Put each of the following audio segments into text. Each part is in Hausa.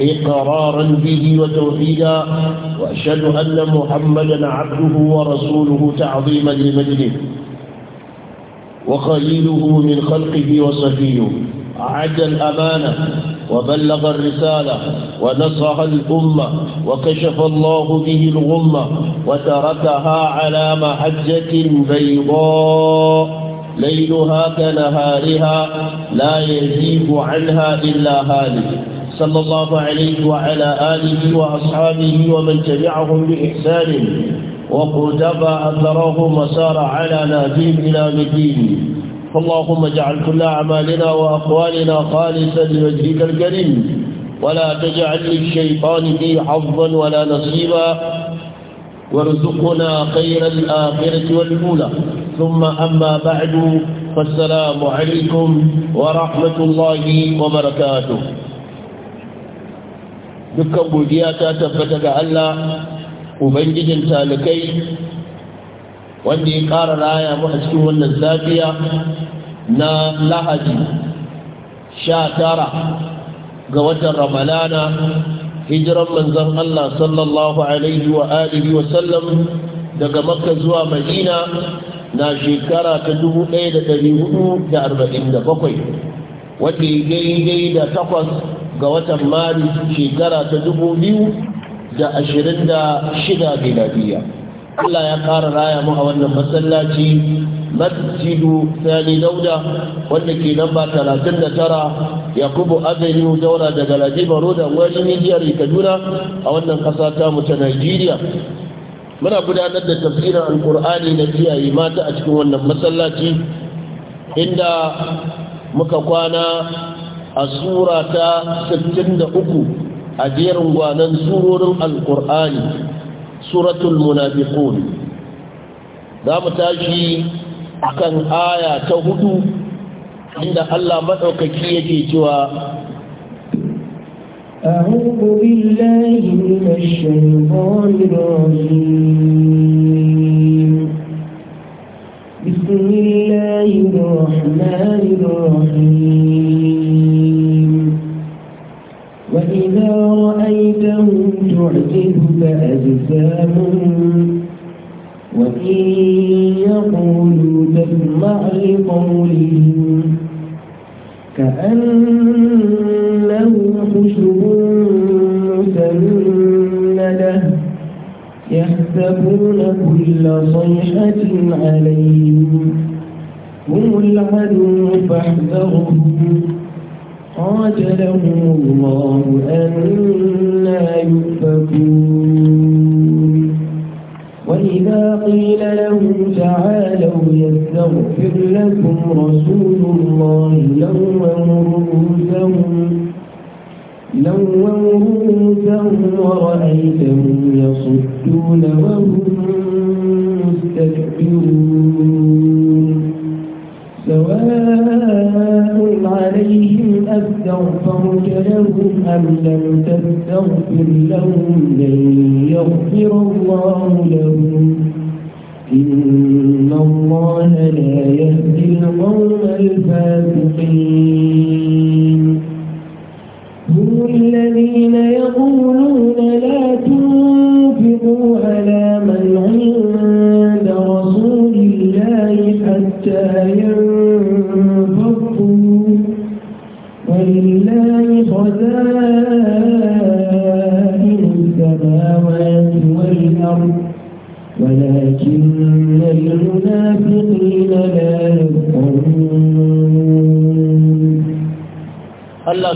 إقرارا به وتوحيدا وأشهد أن محمدا عبده ورسوله تعظيما لمجده وخليله من خلقه وصفيه عد الأمانة وبلغ الرسالة ونصح الأمة وكشف الله به الغمة وتركها على محجة بيضاء ليلها كنهارها لا يزيد عنها إلا هالك صلى الله عليه وعلى آله وأصحابه ومن تبعهم بإحسان وقد أثره وسار على ناديم إلى مدين اللهم اجعل كل أعمالنا وأقوالنا خالصا لوجهك الكريم ولا تجعل للشيطان في حظا ولا نصيبا وارزقنا خير الآخرة والأولى ثم أما بعد فالسلام عليكم ورحمة الله وبركاته dukkan godiya ta tabbata ga Allah ubangijin talikai wanda ya ƙara raya mu a cikin wannan safiya na lahadi sha tara ga watan ramalana hijiran manzon Allah sallallahu alaihi wa alihi wa sallam daga makka zuwa madina na shekara ta 1447 wanda ya daidai da takwas ga watan maris shekara ta dubu biyu da ashirin da shida miladiya Allah ya ƙara raya mu a wannan masallaci masjidu sani dauda wanda ke namba talatin da tara yakubu avenue daura daga lajima roda wani miliyar kaduna a wannan ƙasa ta mu ta nigeria muna gudanar da tafsirin Alƙur'ani na kiyaye mata a cikin wannan masallaci inda muka kwana السورة ستن أكو أجير وانا سورة القرآن سورة المنافقون دام تاجي أكن آية تهدو عند الله مدعوك كي يجيتوا أعوذ بالله من الشيطان الرجيم بسم الله الرحمن الرحيم إذا رأيتهم تعجبك أجسامهم وإن يقولوا تسمع لقولهم كأنهم خشب مسندة يحسبون كل صيحة عليهم هم العدو فاحذرهم أخرج له الله أنا يؤفكون وإذا قيل لهم تعالوا يستغفر لكم رسول الله لووا رؤوسهم لووا رؤوسهم ورأيتهم يصدون وهم مستكبرون سواء عليهم أستغفرت لهم أم لم تستغفر لهم لن يغفر الله لهم إن الله لا يهدي القوم الفاسقين هم الذين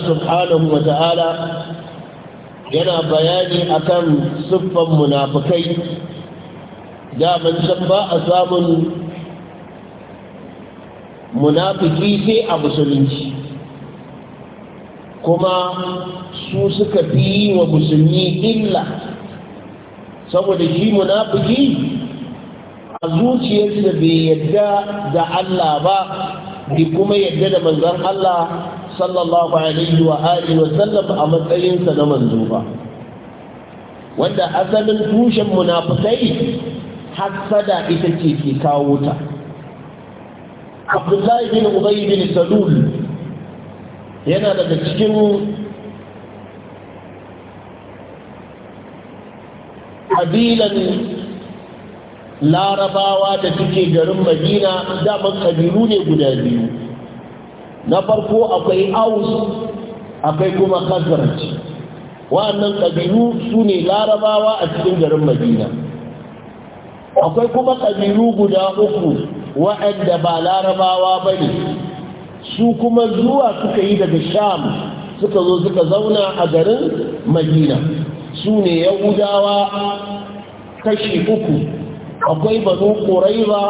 subhanahu wa ta'ala yana bayani akan siffan munafukai daman san ba a samun munafiki sai a musulunci kuma su suka fi yi wa musulmi illa saboda shi munafiki a zuciyarsa bai yadda da Allah ba bai kuma yadda da manzon Allah sallallahu alaihi wa alihi wa sallam a matsayinsa na manzo ba wanda asalin tushen munafikai hasada ita ce ke kawo ta abdullahi bin ubay bin salul yana daga cikin kabilan larabawa da suke garin madina daman kabilu ne guda biyu na farko akwai aus akwai kuma khazraj Wannan ƙabilu su ne larabawa a cikin garin madina akwai kuma ƙabilu guda uku wa'anda ba larabawa ba ne su kuma zuwa suka yi daga sham suka zo suka zauna a garin madina su ne yahudawa kashi uku akwai banu ƙuraiba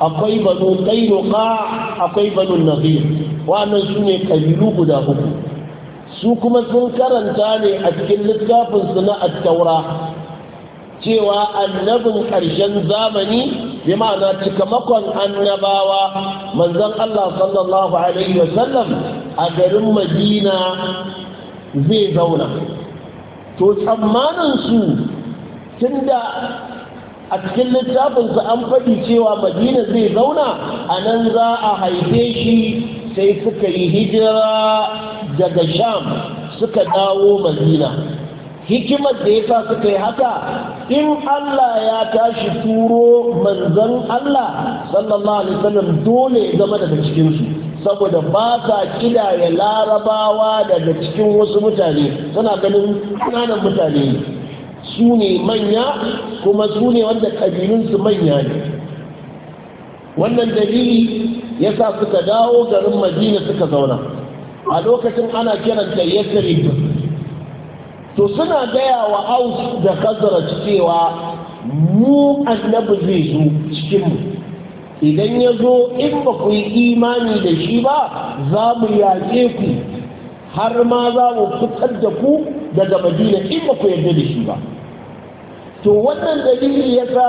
akwai banu ƙainuka akwai banu nazir wannan su ne ƙabilu guda uku su kuma sun karanta ne a cikin littafinsu na attaura cewa annabin ƙarshen zamani bi ma'ana cikamakon annabawa manzon Allah sallallahu alaihi sallam a garin madina zai zauna to tsammanin su tunda a cikin littafinsa an faɗi cewa madina zai zauna a nan za a haife shi sai suka yi hijira daga sham suka dawo madina hikimar da ya sa suka yi haka in allah ya tashi turo manzan allah sallallahu alaihi wasallam dole ya zama daga cikinsu saboda ba sa kidaya larabawa daga cikin wasu mutane suna ganin ƙananan mutane su ne manya kuma su ne wanda ƙabilunsu manya ne wannan dalili ya sa suka dawo garin madina suka zauna a lokacin ana kiranta yasrib to suna gaya wa aus da kazara cewa mu annabi zai zo cikinmu idan ya zo in ba ku yi imani da shi ba za mu yaƙe ku har ma za mu fitar da ku daga madina in ba ku yarda da shi ba to wannan dalili yasa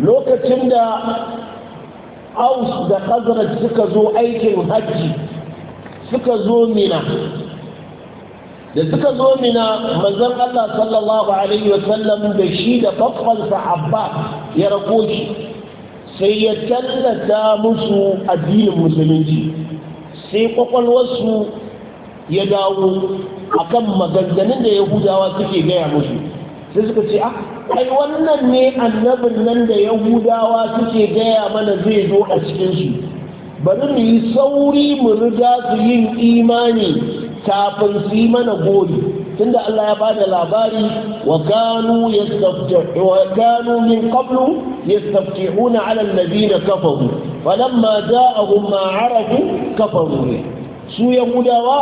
lokacin da aus da khazraj suka zo aikin hajji suka zo mina da suka zo mina manzon Allah sallallahu alaihi wasallam da shi da babban sahabba ya rako shi sai ya tallata musu addinin musulunci sai kwakwalwarsu ya dawo akan maganganun da yahudawa suke gaya musu sai suka ce a ah, ai wannan ne annabin nan da yahudawa suke gaya mana zai zo a cikinsu bari mu yi sauri mu riga su yin imani kafin su yi mana gori tunda Allah ya bada labari wa ya yastaftihu wa kanu min qablu yastaftihuna ala alladhina kafaru falamma ja'ahum ma arafu kafaru su yahudawa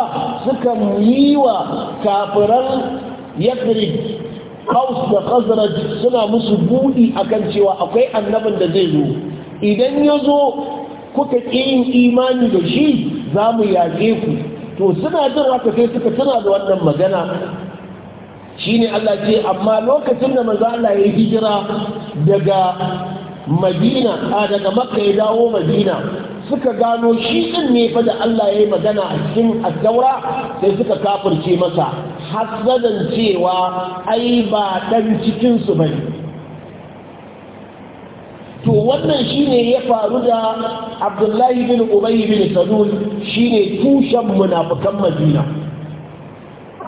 sukan yiwa wa kafiran yadrib Haus da Khazraj suna musu budi akan cewa akwai annabin da zai zo idan ya zo kuka ƙi yin imani da shi za mu yage ku to suna jin haka sai suka tuna da wannan magana shine Allah ce amma lokacin da maza Allah ya hijira daga Madina a daga Makka ya dawo Madina suka gano shi din ne fa da Allah ya yi magana a cikin addaura sai suka kafirce masa hasadan cewa ai ba dan cikin su bane to wannan shine ya faru da Abdullahi bin Ubay bin Salul shine tushen munafikan Madina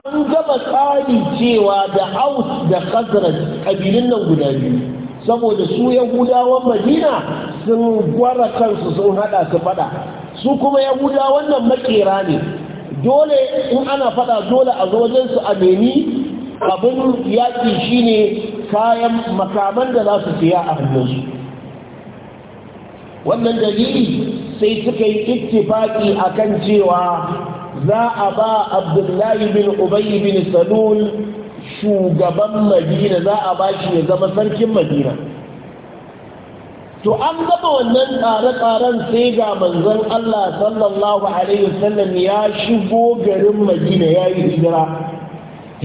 an gaba tsari cewa da Aus da Khazraj kabilun nan guda biyu saboda su yahudawan madina sun gwara kansu sun hada su fada su kuma yahudawan wannan makera ne dole in ana fada dole a zojen su a nemi abin yaƙi shine kayan makaman da za su siya a hannunsu wannan dalili sai suka yi ittifaki akan cewa za a ba abdullahi bin ubayi bin salul shugaban madina za a bashi ya zama sarkin madina to an gaba wannan tsare-tsaren sai ga manzon Allah sallallahu alaihi wasallam ya shigo garin madina ya yi hijira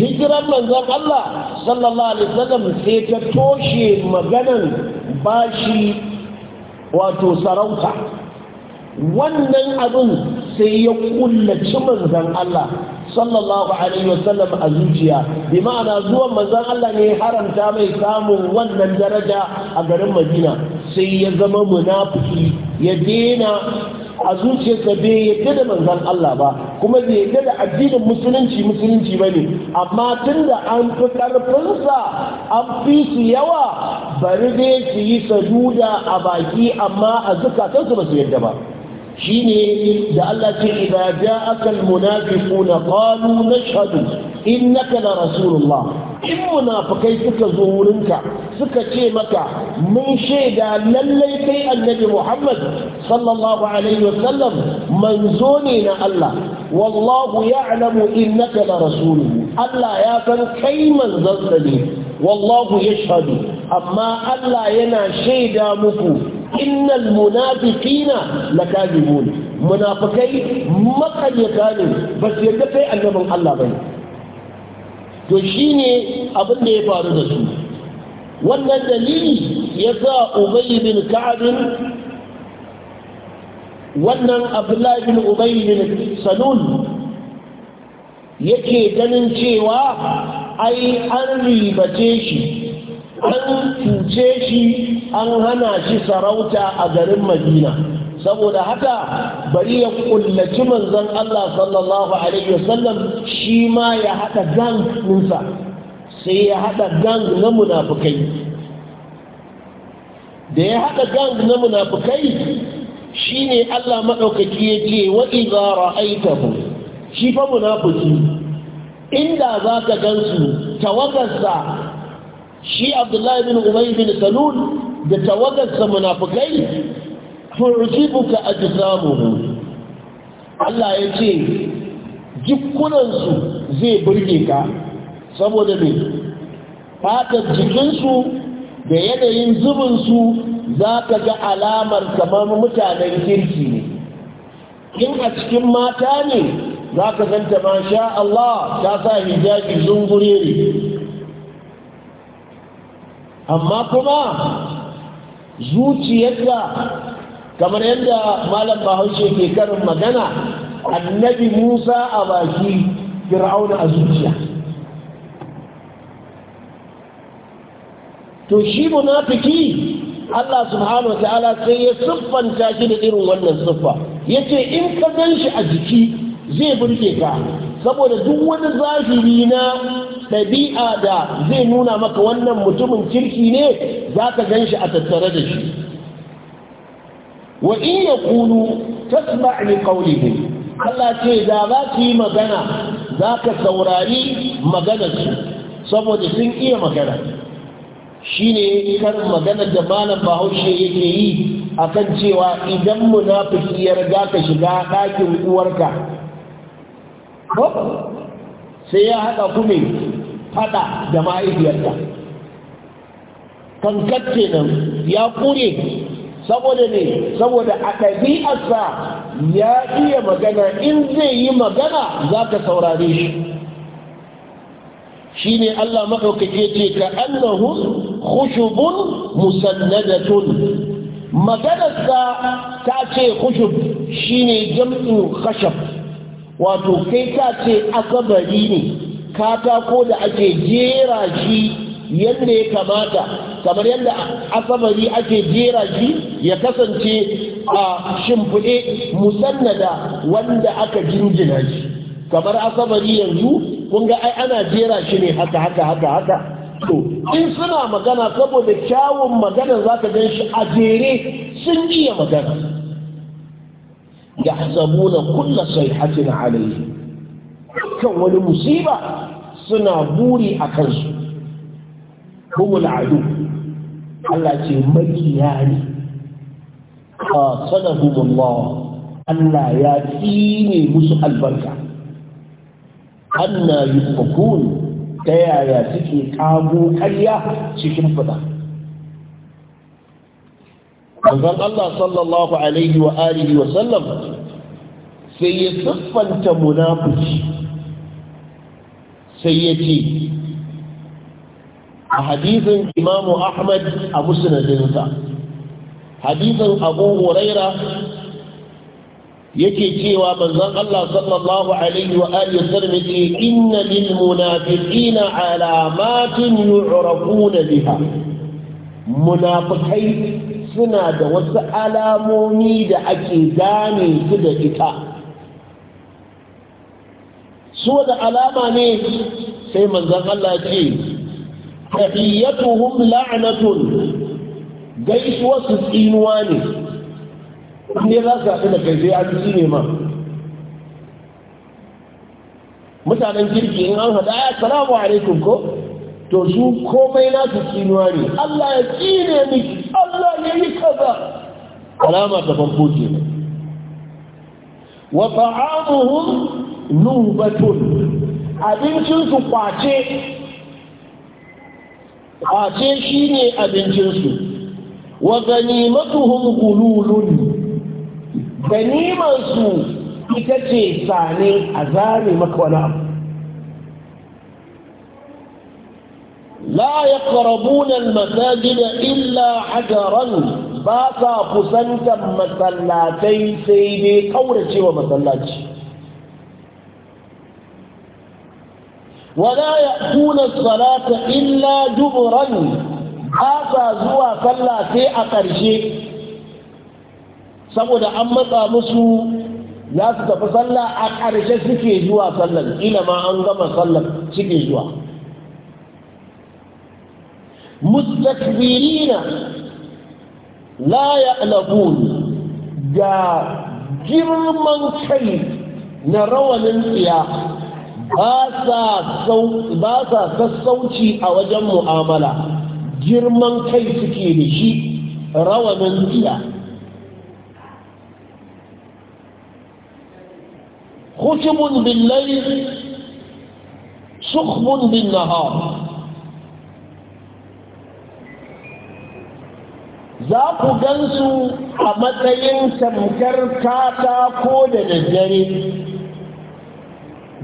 hijiran manzon Allah sallallahu alaihi wasallam sai ta toshe maganan bashi wato sarauta wannan abin sai ya kullaci manzon Allah sallallahu alaihi wasallam a zuciya bi ma'ana zuwan manzon Allah ne haramta mai samun wannan daraja a garin Madina sai ya zama munafiki ya dena a zuciyarsa bai yadda da manzon Allah ba kuma bai yadda da addinin musulunci musulunci bane amma tunda an fi karfinsa an fi su yawa bari dai su yi sajuda a baki amma a zukatansu ba su yadda ba shine da Allah ce idza ja'aka almunafiquna qalu nashhadu innaka la rasulullah in munafikai suka zo wurinka suka ce maka mun shaida lallai kai annabi Muhammad sallallahu alaihi wasallam manzo ne na Allah wallahu ya'lamu innaka la rasuluhu Allah ya san kai manzon ne wallahu yashhadu amma Allah yana shaida muku innal munafiqina lakazibun munafikai makaryata ne ba su yadda kai annabin Allah bane to shine abin da ya faru da su wannan dalili yasa ubay bin ka'ab wannan abdullahi bin ubay bin salul yake ganin cewa ai an ribace shi an cuce shi an hana shi sarauta a garin madina saboda haka bari ya kullaci manzon Allah sallallahu alaihi wasallam shi ma ya haɗa gang ɗinsa sai ya haɗa gang na munafukai da ya haɗa gang na munafukai shine Allah madaukaki yace wa idza ra'aytahu shi fa munafiki inda zaka gansu tawagarsa shi abdullahi bin ubay bin salun da tawagarsa munafikai ji samunu Allah ya ce jikunansu zai burge ka saboda ne fatar jikinsu da yanayin zubinsu za ka ga alamar kamar mutanen kirki ne in a cikin mata ne za ka zanta masha Allah ta sa hijabi zungure ne amma kuma zuciyarka kamar yadda malam bahaushe ke karin magana annabi musa a baki fir'auna a zuciya to shi munafiki Allah subhanahu wa ta'ala sai ya siffanta shi da irin wannan siffa yace in ka gan shi a jiki zai burge ka saboda duk wani zahiri na ɗabi'a da zai nuna maka wannan mutumin kirki ne za ka gan shi a tattare da shi wa in ya kunu tasma ni qawlihi Allah ce da za ki yi magana za ka saurari maganarsu saboda sun iya magana shi ne karin maganar da malam bahaushe yake yi akan cewa idan munafiki ya riga ka shiga ɗakin uwarka ko sai ya haɗa ku faɗa da mahaifiyarta kankat nan ya ƙure saboda ne saboda a ɗabi'arsa ya iya magana in zai yi magana za ka saurare shi shi ne Allah maɗaukake ce ka annahun khushubun musannadatun maganarsa ta ce khushub shi ne jam'in khashab wato kai ka ce asabari ne katako da ake jera shi yadda ya kamata kamar yadda asabari ake jera shi ya kasance a shimfiɗe musannada wanda aka jinjina shi kamar asabari yanzu kun ga ai ana jera shi ne haka haka haka haka to in suna magana saboda kyawun magana za ka gan shi a jere sun iya magana yahsabuna kulla sayhatin alayhi kan wani musiba suna buri a kansu humul adu Allah ce makiya A qasadahumullah Allah ya tsine musu albarka anna yufakun ta yaya suke kago karya cikin fada manzon Allah sallallahu alaihi wa alihi wa sallam sai ya siffanta munafiki sai ya ce a hadisin imamu ahmad a musnadinsa hadisin abu huraira yake cewa manzon Allah sallallahu alaihi wa alihi wasallam yake inna lil munafiqina alamatin yu'rafuna biha munafiqai suna da wasu alamomi da ake gane su da ita su da alama ne sai manzan Allah ce tafiyyatuhum la'anatun gaisuwa su tsinuwa ne ne za su haɗu da kai sai an ne ma mutanen kirki in an haɗa ya salamu alaikum ko to su komai na su tsinuwa ne Allah ya tsine miki Allah ya yi kaza alama ta farko ce wa ta'amuhum abincinsu kwace kwace shine abincinsu wa ganimatuhum gululun ganimansu ita ce sane a zane maka abu la ya ƙarabunan masajida illa hajaran ba sa kusantar masallatai sai dai ƙaurace wa masallaci wala ya kuna salata illa duburan ba sa zuwa sallah sai a ƙarshe saboda an matsa musu za su tafi sallah a ƙarshe suke zuwa sallan ila ma an gama sallan suke zuwa مستكبرين لا يألبون جا جرما كي نروى ننسيا باسا باسا او جم مؤاملة جرما كي سكيرشي روى ننسيا خشب بالليل سخب بالنهار za ku gansu a matsayin tamkar katako da daddare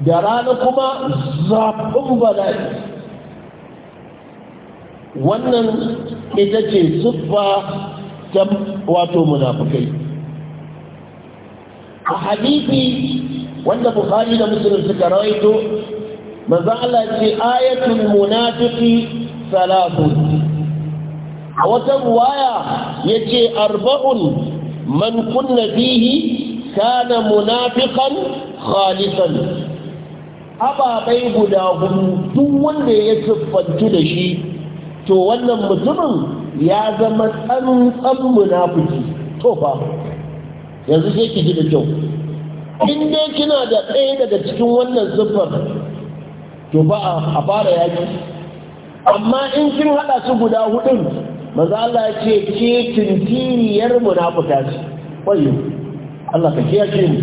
da rana kuma zaɓin bala'i wannan ita ce zubba ta wato munafukai a hadithi wanda Buhari da musulun suka rawaito manzo Allah ce ayatul munafiqi salatun a wata ruwaya ya ce arba'un man kunna fihi kana munafiqan khalisan ababai guda hudu duk wanda ya siffantu da shi to wannan mutumin ya zama tsantsan munafiki to fa yanzu sai ki ji da kyau in dai kina da ɗaya daga cikin wannan siffar to ba a fara yaki amma in kin haɗa su guda hudun Maza Allah ce ke tintiriyar munafuka ce wayo Allah ka kiyaye mu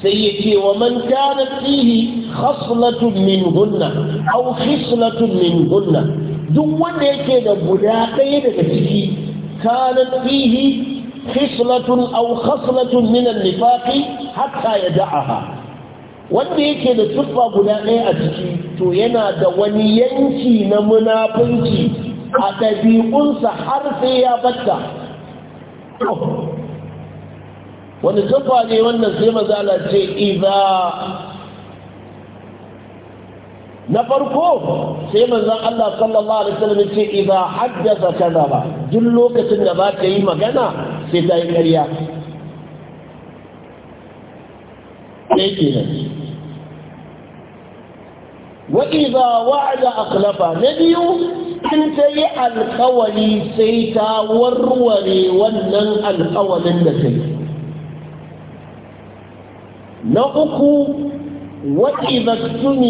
sai ya ce wa man kana fihi khaslatun minhunna aw khislatun minhunna duk wanda yake da guda ɗaya daga ciki kana tsihi khislatun aw khaslatun min an-nifaqi hatta da'aha wanda yake da tuffa guda ɗaya a ciki to yana da wani yanki na munafunci a ɗabi'unsa har sai ya batta wani tuffa ne wannan sai mazala ce iza na farko sai manzan Allah sallallahu alaihi wasallam ce iza haddasa kadaba duk lokacin da ba ta yi magana sai ta yi ƙarya sai kenan wa idza wa'ada akhlafa na biyu in ta yi alkawari sai ta warware wannan alkawarin da ta yi na uku wa idza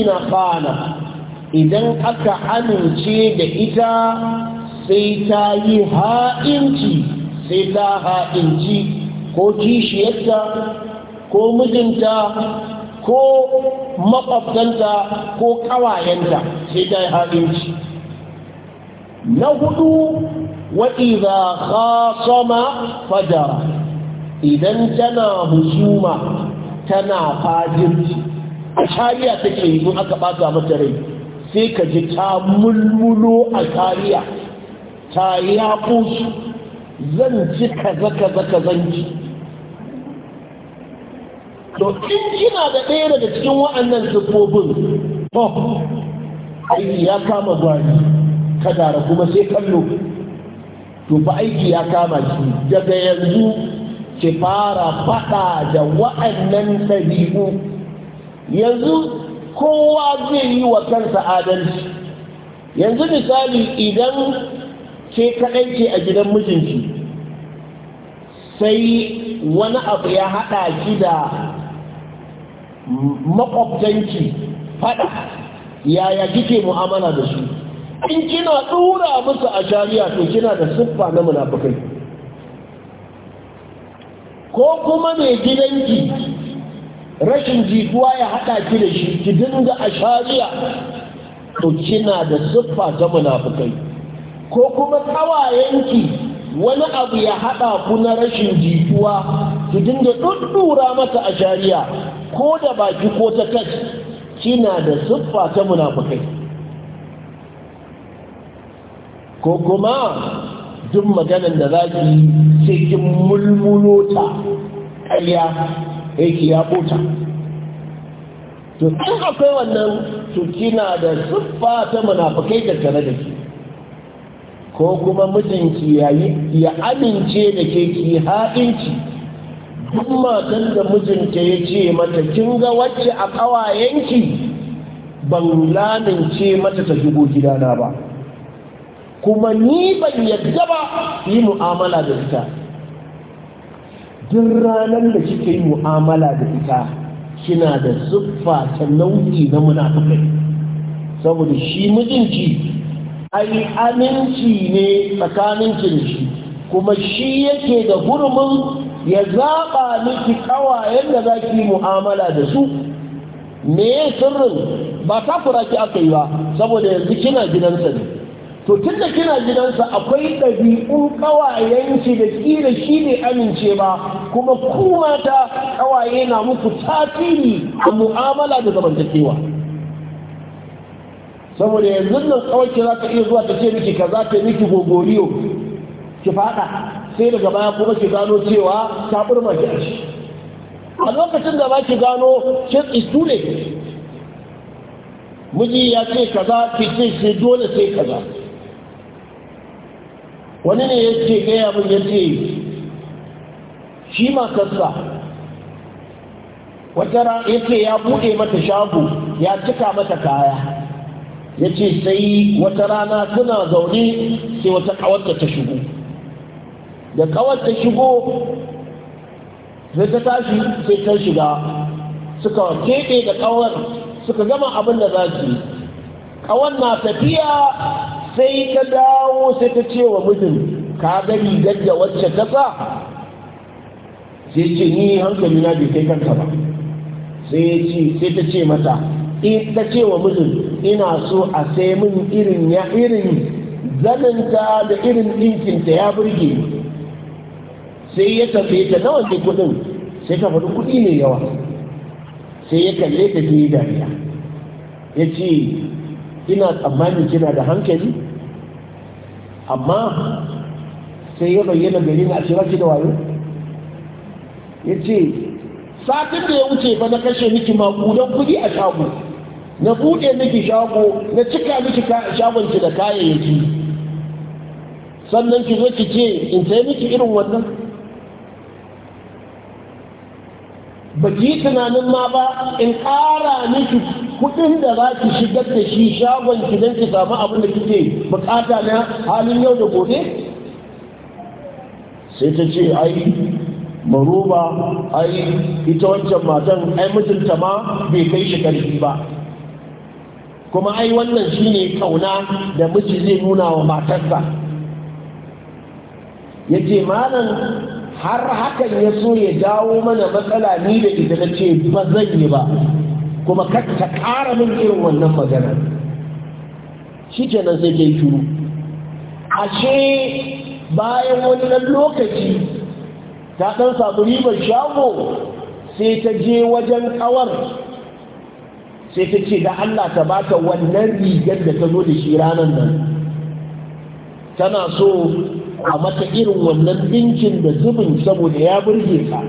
na khana idan aka amince da ita sai ta yi ha'inci sai ta ha'inci ko kishiyarta ko mijinta ko maƙwabtanta ko ƙawayenta sai ta yi haɗinci na hudu wa ka sama fajara idan tana husuma tana fajirci a ta take yi aka ɓata mata rai sai ka ji ta mulmulo a tariya ta yaƙo zan ci kaza kaza kaza ci to in kina da ɗaya daga cikin wa'annan siffofin to aiki ya kama gwani kadara kuma sai kallo to fa aiki ya kama shi daga yanzu ki fara faɗa da wa'annan ɗabi'u yanzu kowa zai yi wa kansa adalci yanzu misali idan ke kaɗai ce a gidan mijinki sai wani abu ya haɗa shi da makwabtanki faɗa yaya kike mu'amala da su in kina ɗura musu a shari'a to kina da siffa na munafukai. ko kuma mai gidanki rashin jituwa ya haɗa ki da shi ki dinga a shari'a to kina da siffa ta munafukai. ko kuma tsawayenki wani abu ya haɗa ku na rashin jituwa ki dinga ɗuɗɗura masa a shari'a ko da baki ko ta kai kina da siffa ta munafikai ko kuma duk maganar da zaki ki sai kin mulmulo ta ƙarya aiki ya bota to in akwai wannan to kina da siffa ta munafukai da tare da ki ko kuma mijinki ya amince da ke ki haɗinci duk matan da mijinta ya ce mata kin ga wacce a ƙawayenki ban ce mata ta shigo gidana ba kuma ni ban yadda ba yi mu'amala da ita duk ranar da kika yi mu'amala da ita kina da siffa ta nau'i na munafukai saboda shi mijinki ai aminci ne tsakanin da shi kuma shi yake da hurumin ya zaɓa miki ƙawayen da za ki mu'amala da su me sirrin ba takura ki aka yi ba saboda yanzu kina gidansa ne to tun da kina gidansa akwai ɗabi'un ƙawayenci da ƙila shi ne amince ba kuma kuma ta ƙawaye na muku tasiri a mu'amala da zamantakewa saboda yanzu nan kawai za ta iya zuwa ta ce miki za ta miki gogoriyo ki faɗa sai daga baya kuma ki gano cewa ta burma ki a a lokacin da ba ki gano shi tsitu ne miji ya ce kaza ki ce shi dole sai kaza wani ne ya ce gaya min ya ce shi kasa. wata ya ce ya buɗe mata shago ya cika mata kaya ya ce sai wata rana suna zaune sai wata kawar da ta shigo da kawar ta shigo zai ta tashi sai ta shiga suka keɓe da kawar suka gama abin da za su yi kawar na tafiya sai ta dawo sai ta ce wa mijin ka gani gajja da wacce ta sa sai ce ni hankali na bai kai kanta ba sai ta ce mata in eh, ta ce wa mijin ina so a sai min irin ya irin zaninta da irin ɗinkinta ya burge sai ya tafi ta nawa ne kudin sai ka faɗi kudi ne yawa sai ya kalle ta fi dariya ya ce ina tsammanin kina da hankali amma sai ya bayyana gari na ashirar ki da wayo ya ce satin da ya wuce ba na kashe miki makudan kudi a shago na buɗe miki shago na cika miki ki da kayayyaki sannan ki zo ki ce in sai miki irin wannan ba ki yi tunanin ma ba in ƙara miki kuɗin da za ki shigar da shi shagon ki don ki samu abin da kike bukata na halin yau da gobe sai ta ce ai maruba ai ita wancan matan ai mutunta ma bai kai shi karfi ba kuma ai wannan shi ne kauna da miji zai nuna wa matarsa yace malam har hakan ya so ya dawo mana matsala ni da ita na ce ba zan yi ba kuma kar ta ƙara min irin wannan magana shi kenan sai ke yi shuru ashe bayan wani ɗan lokaci ta ɗan samu ribar shago sai ta je wajen ƙawar sai ta ce da Allah ta bata wannan rigar da ta zo da shi ranar nan tana so a mata irin wannan ɗinkin da zubin saboda ya burge ka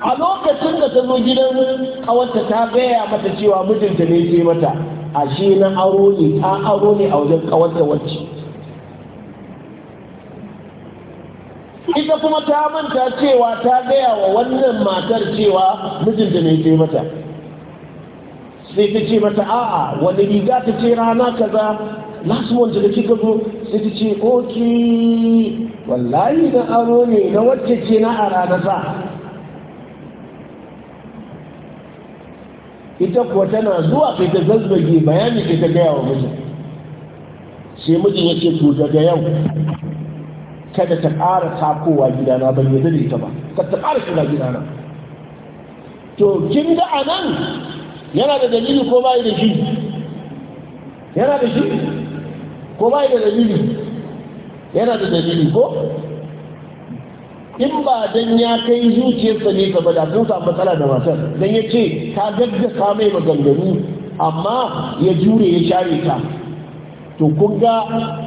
a lokacin da ta zo gidan kawarta ta gaya mata cewa mijinta ne ke mata ashe na aro ne ta aro ne a wajen kawarta wacce ita kuma ta manta cewa ta gaya wa wannan matar cewa mijinta ne ke mata sai ta ce mata a'a wani riga ta ce rana kaza last month da kika zo sai ta ce oki wallahi na aro ne na wacce ce na a sa. ita kuwa tana zuwa kai ta zazzage bayani kai ta gaya wa mutum, sai mijin ya ce to daga yau kada ta ƙara takowa gidana ban yi da ta ba ka ta ƙara shiga gidana to kin ga anan yana da dalili ko bai da shi yana da shi ko ba da dalili yana da dalili ko in ba dan ya kai zuciyarsa ne ka da kun samu matsala da matar dan ya ce ta gaggasa mai maganganu amma ya jure ya share ta to kun ga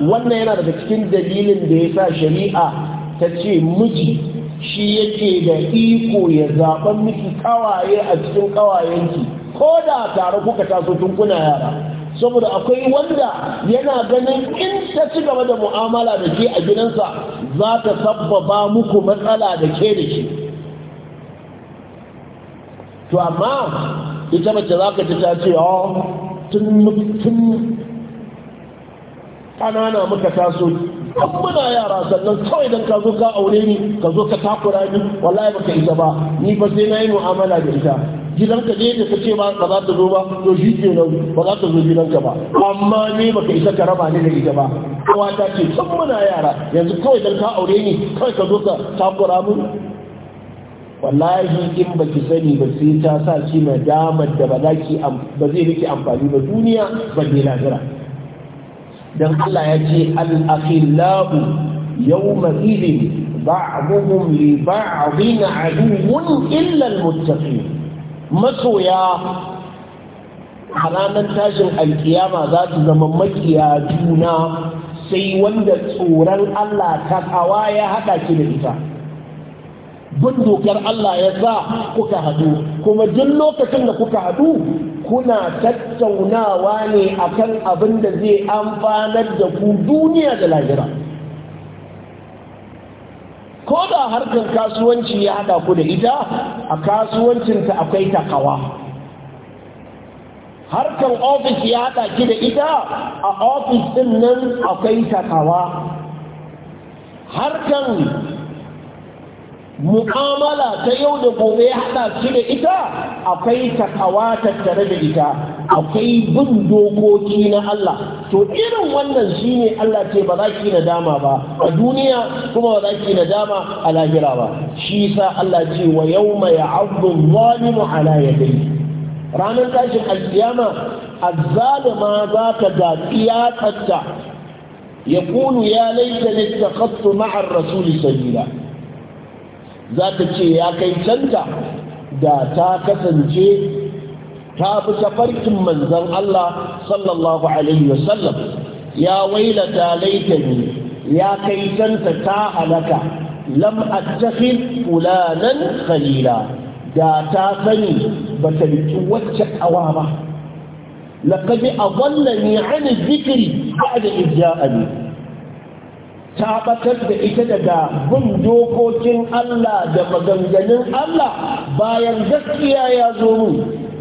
wannan yana daga cikin dalilin da ya sa shari'a ta ce miji shi yake da iko ya zaɓa miki kawaye a cikin kawayenki ko da tare kuka taso tun kuna yara saboda akwai wanda yana ganin in ta ci gaba da mu'amala da ke a gidansa za ta sabbaba muku matsala da ke da shi to amma ita mace za ka ci ta ce oh, tun ƙanana muka taso kan muna yara sannan kawai don ka zo ka aure ni ka zo ka takura ni wallahi baka ita ba ni ba sai na yi mu'amala da ita gidanka ne da kace ba ba za ta zo ba to shi ke nan ba za ta zo gidanka ba amma ne baka isa ka raba ni da ita ba kowa ta ce tun muna yara yanzu kawai dan ka aure ni kawai ka zo ka takura mun wallahi in ba ki sani ba sai ta sa ki na damar da ba za ba zai miki amfani ba duniya ba ne lahira dan Allah ya ce al-akhillahu yawma idin ba'dhum li ba'dhin aduwwun illa al-muttaqin masoya a ranar tashin alkiyama za su zama makiya juna sai wanda tsoron Allah ta kawa ya haɗa ki da ita bin dokar Allah ya sa kuka haɗu kuma duk lokacin da kuka haɗu kuna tattaunawa ne akan abin da zai amfanar da ku duniya da lahira. ko da harkar kasuwanci ya haɗa ku da ita a kasuwancinta akwai takawa harkar ofis ya haɗa ki da ita a ofis ɗin nan akwai takawa harkan mu'amala ta yau da gobe ya haɗa su da ita akwai takawa tattare da ita akwai bin dokoki na Allah to irin wannan shine Allah ce ba za ki nadama ba a duniya kuma ba za ki nadama a lahira ba shi sa Allah ce wa yawma ya'abdu zalimu ala yadayhi ranar tashin alkiyama azzalima za ta ga tsiyatsarta ya kulu ya laita ne ta kattu ma'ar rasuli sabila za ce ya kai canta da ta kasance ta fi tafarkin manzan Allah sallallahu alaihi wasallam ya ta laitani ya kai canta ta halaka lam attakhid fulanan khalila da ta sani ba ta riki wacce awa ba laqad adallani an dhikri ba'da idja'ani ta batar da ita daga bin dokokin Allah da maganganun Allah bayan gaskiya ya zo mu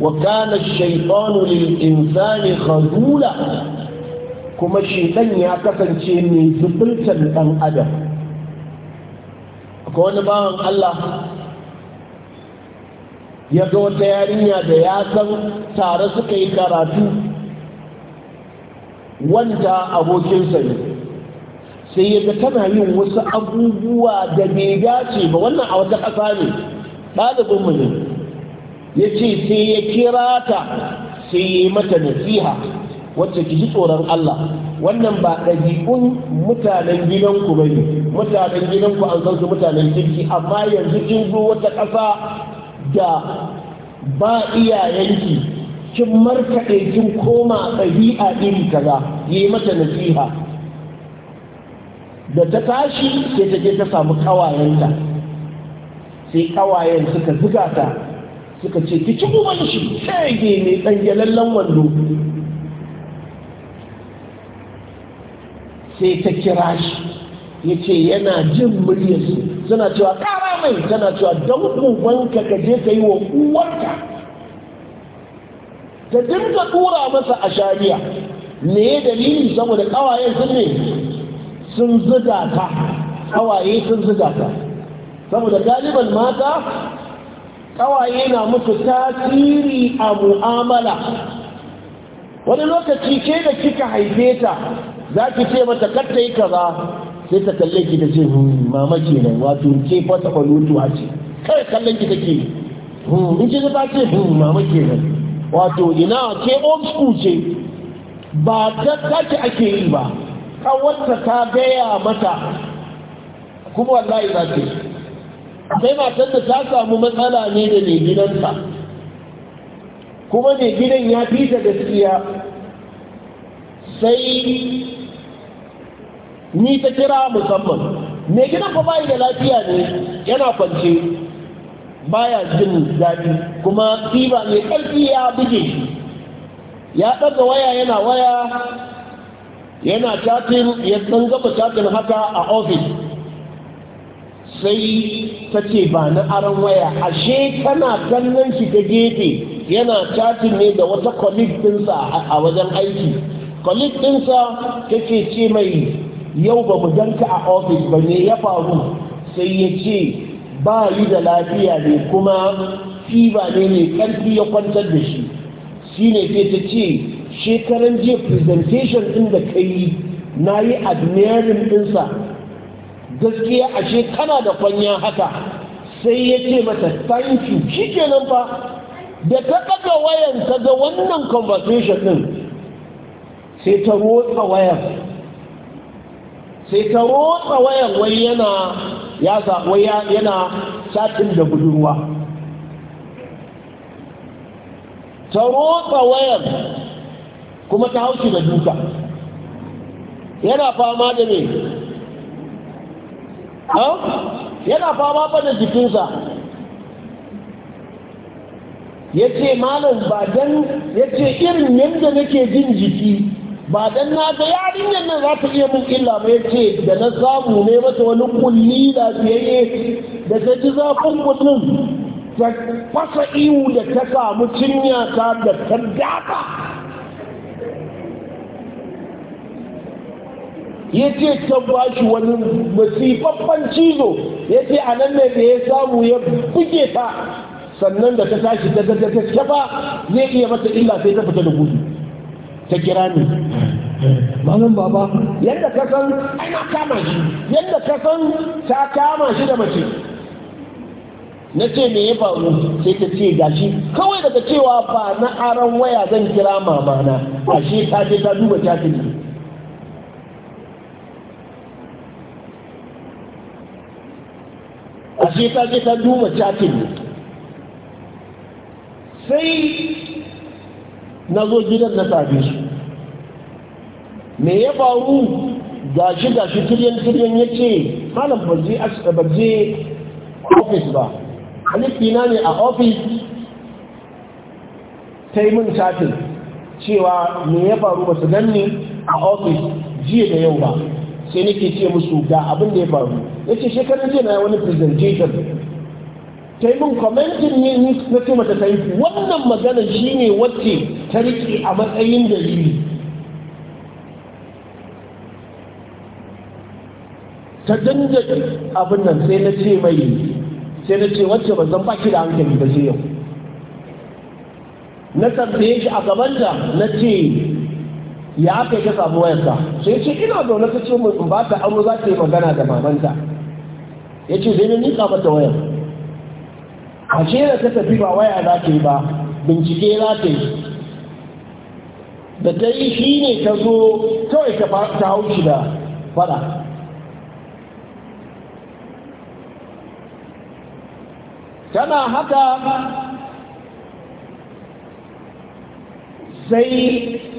wa kana shaytanu lil insani khazula kuma shaytan ya kasance mai zubultar dan adam akwai wani bawan Allah ya ga wata yarinya da ya san tare suka yi karatu wanda abokinsa ne sai ya ga tana yin wasu abubuwa da bai dace ba wannan a wata ƙasa ne ɗalibin mu ne ya ce sai ya kira ta sai ya yi mata nasiha wacce ki ji tsoron Allah wannan ba ɗabi'un mutanen gidanku ba ne mutanen gidanku an san su mutanen kirki amma yanzu kin zo wata ƙasa da ba iyayenki kin markaɗe kin koma ɗabi'a iri kaza yi mata nasiha da ta tashi sai ta ta samu kawayenta sai kawayen suka zuga ta suka ce ki ci kuma shi shege mai dan yalallan wando sai ta kira shi ya ce yana jin muryarsu suna cewa kara mai tana cewa don ubanka ka je ka yi wa uwarka ta dinga tura masa a shari'a me dalili saboda kawayen sun ne sun zuga ta kawaye sun zuga ta saboda galiban mata kawaye na musu tasiri a mu'amala wani lokaci ke da kika haife ta za ki ce mata katta yi kaza sai ta kalle ki da ce hmm, mama ke nan wato ke fata kwalutuwa ce kai kallon ki take hmm, in ce ta ce hmm, mama ke nan wato ina ke old school ce ba ta take ake yi ba kawarta ta gaya mata kuma wallahi za ce sai matan da ta samu matsala ne da mai gidansa kuma mai gidan ya fi ta gaskiya sai ni ta kira musamman mai gidan fa bayi da lafiya ne yana kwance baya jin daɗi kuma tsiba mai ƙarfi ya buge ya ɗaga waya yana waya yana chatin ya san gaba chatin haka a ofis sai ta ce ba na aron waya ashe kana kallon shi ta gefe yana chatin ne da wata colleague ɗinsa a wajen aiki colleague ɗinsa take ce mai yau ba mu danka a ofis ba ne ya faru sai ya ce ba yi da lafiya ne kuma fiba ne mai ƙarfi ya kwantar da shi shine sai ta ce shekaran jiya presentation ɗin da ka yi na yi admiring ɗinsa gaskiya a shekara da kwanya haka sai ya ce mata thank you shi kenan fa da ta ɗaga wayan ta ga wannan conversation ɗin sai ta rotsa wayan sai ta rotsa wayan wai yana ya zaɓo yana satin da budurwa ta rotsa wayan kuma ta haushi da duka yana fama da ne yana fama ba da jikinsa ya ce malam ba don ya ce irin yadda nake jin jiki ba don na ga yarinyar nan za ta iya mun illa ba ya ce da na samu ne mata wani kulli da lafiyayye da ta ji zafin mutum ta fasa iwu da ta samu cinya ta da ta daka ya ce ta ba shi wani masifaffan cizo ya ce a nan ne da ya samu ya buge ta sannan da ta tashi ta ta ta ba zai iya mata illa sai ta fita da gudu ta kira ni malam baba yadda ka san ana kama shi yadda ka san ta kama shi da mace na ce me ya faru sai ta ce shi kawai daga cewa ba na aron waya zan kira mamana ashe ta ce ta duba ta a ce ta je ta duba chatin ne sai na zo gidan na tafi su me ya faru gashi gashi kiryan kiryan ya ce malam ban je ofis ba na ne a ofis ta yi min chatin cewa me ya faru ba su ganni a ofis jiya da yau ba sai nake ce musu ga abin da ya faru ya ce shekarar jiya na wani presentation ta yi min commenting ne na ce mata ta yi wannan magana shi ne wacce ta riƙe a matsayin dalili ta danga abin nan sai na ce mai sai na ce wacce ba zan baki da hankali ba sai yau na tambaye shi a gabanta na ce ya aka yi ta samu wayarsa sai ce ina wani ta mu in ba ta aro za ta yi magana da mamanta ya ce zai ka mata waya a ce da ta tafi ba waya za ta yi ba bincike za ta yi da ta yi shi ne ta zo kawai ta hau shi da fada tana haka sai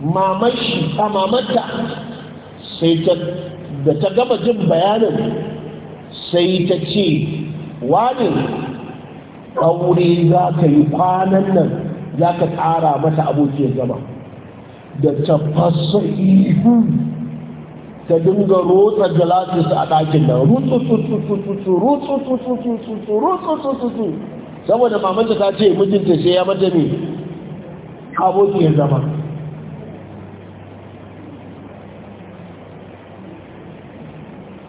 mamashi a mamata sai ta da ta gaba jin bayanin sai ta ce wani aure za ka yi kwanan nan za ka tsara mata abokiyar zama da ta fasa ihu ta dinga rotsa galatis a ɗakin nan rutsu saboda mamanta ta ce mijinta sai ya mata ne abokiyar zama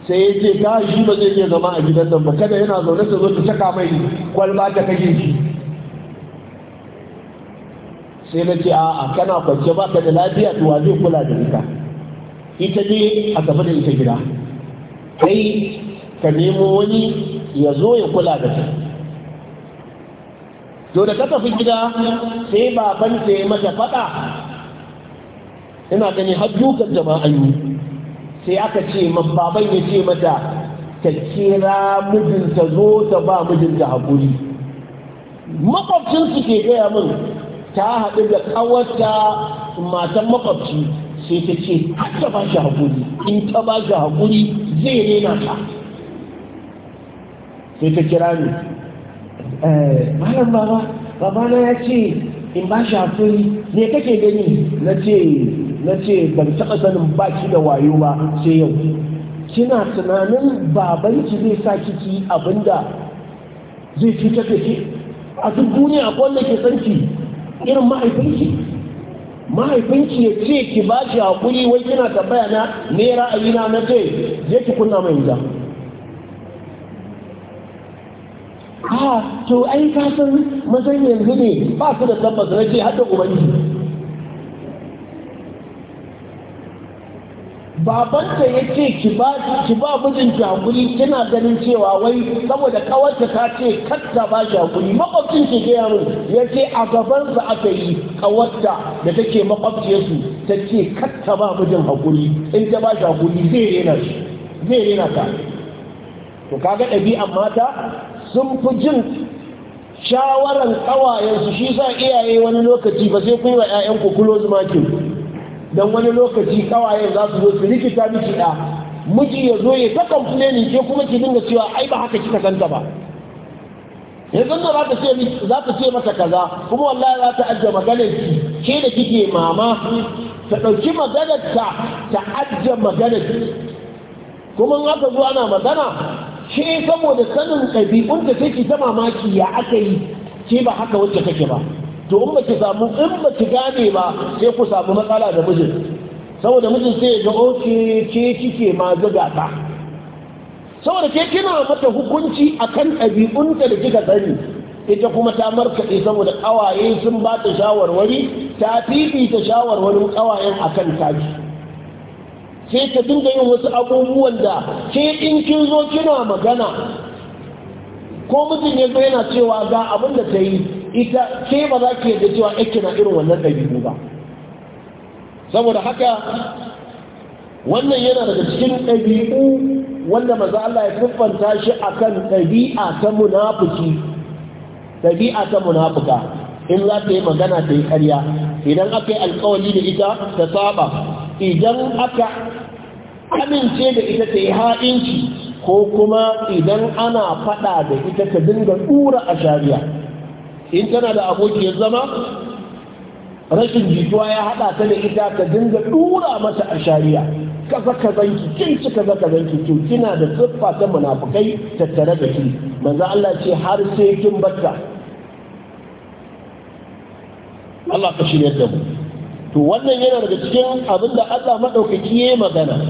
sai ya ce ta shi ba zai iya zama a gidan nan ba kada yana zaune ta zo ta saka mai kwalba ta kage shi sai na ce a'a kana kwance ba ka da lafiya to wa zai kula da ita ita ne a gaba da ita gida kai ka nemo wani ya zo ya kula da ta to da ka tafi gida sai baban sai mata faɗa ina gani har dukan jama'ayu sai aka ce baban ya ce mata ta kira mijinta zo ta ba mijinta haƙuri makwabcinsu ke gaya min ta haɗu da ƙawarta matan makwabci sai ta ce ta ba shi haƙuri in ta ba shi haƙuri zai rena ta sai ta kira ni eh, malam baba babana ya ce in ba shi haƙuri me kake gani na ce na ce ban taɓa sanin ba baki da wayo ba sai yau kina tunanin babanki zai sa kiki abinda zai cutar da ke a duk duniya a wanda ke sanki irin ma'aifinki mahaifinki ya ce ki ba shi haƙuri wai kina tambaya bayana ne ra'ayina na ce je ki kunna mai wuta a ah, to ai ka san mazan yanzu ne ba su da tabbas na ce har da ubangiji babanta ya ce ki ba mijin jaguri kina ganin cewa wai saboda kawarta ta ce katta ba shi makwabcin ke gaya min ya ce a gaban gabansa aka yi kawarta da take su ta ce katta ba mijin hakuri in ta ba shi zai rena shi zai rena ta to kaga ɗabi'an mata sun fi jin shawaran ƙawayensu shi sa iyaye wani lokaci ba sai ku yi wa 'ya'yanku kulo zumakin don wani lokaci kawayen za su zo su rikita miki da miji ya zo ya ta kamfuleni ke kuma ki dinga cewa ai ba haka kika ganta ba ya ganta za ta ce za ta ce mata kaza kuma wallahi za ta ajiye maganar ki ke da kike mama ta ɗauki maganar ta ta ajiye maganar kuma ka zo ana magana ke saboda sanin ɗabi'unta da take ta mamaki ya aka yi ke ba haka wacce take ba to in baki samu in baki gane ba sai ku samu matsala da mijin saboda mijin sai ya ga oke ke kike ma zuga ta saboda ke kina mata hukunci akan ɗabi'unta da kika sani ita kuma ta markaɗe saboda ƙawaye sun ba ta shawarwari ta ta shawarwarin ƙawayen akan taki sai ta dinga yin wasu abubuwan da ke in kin zo kina magana ko mutum ya zo yana cewa ga abin da ta yi ita ke ba za ki yadda cewa ake na irin wannan ɗabi'u ba saboda haka wannan yana daga cikin ɗabi'u wanda maza Allah ya kuffanta shi a akan ɗabi'a ta munafuki, ɗabi'a ta munafuka in za ta yi magana ta yi ƙarya idan aka yi alkawali da ita ta saba idan aka amince da ita ta yi ha'inci ko kuma idan ana faɗa da ita ta dinga ɗura a shari'a in tana da abokiyar zama rashin jituwa ya haɗa ta da ita ta dinga ɗura mata a shari'a kaza zanki kin ci kaza zanki to kina da siffa ta munafukai tattare da ki manzo Allah ce har sai kin batta Allah ka shirya da mu to wannan yana daga cikin abin da Allah madaukaki yayi magana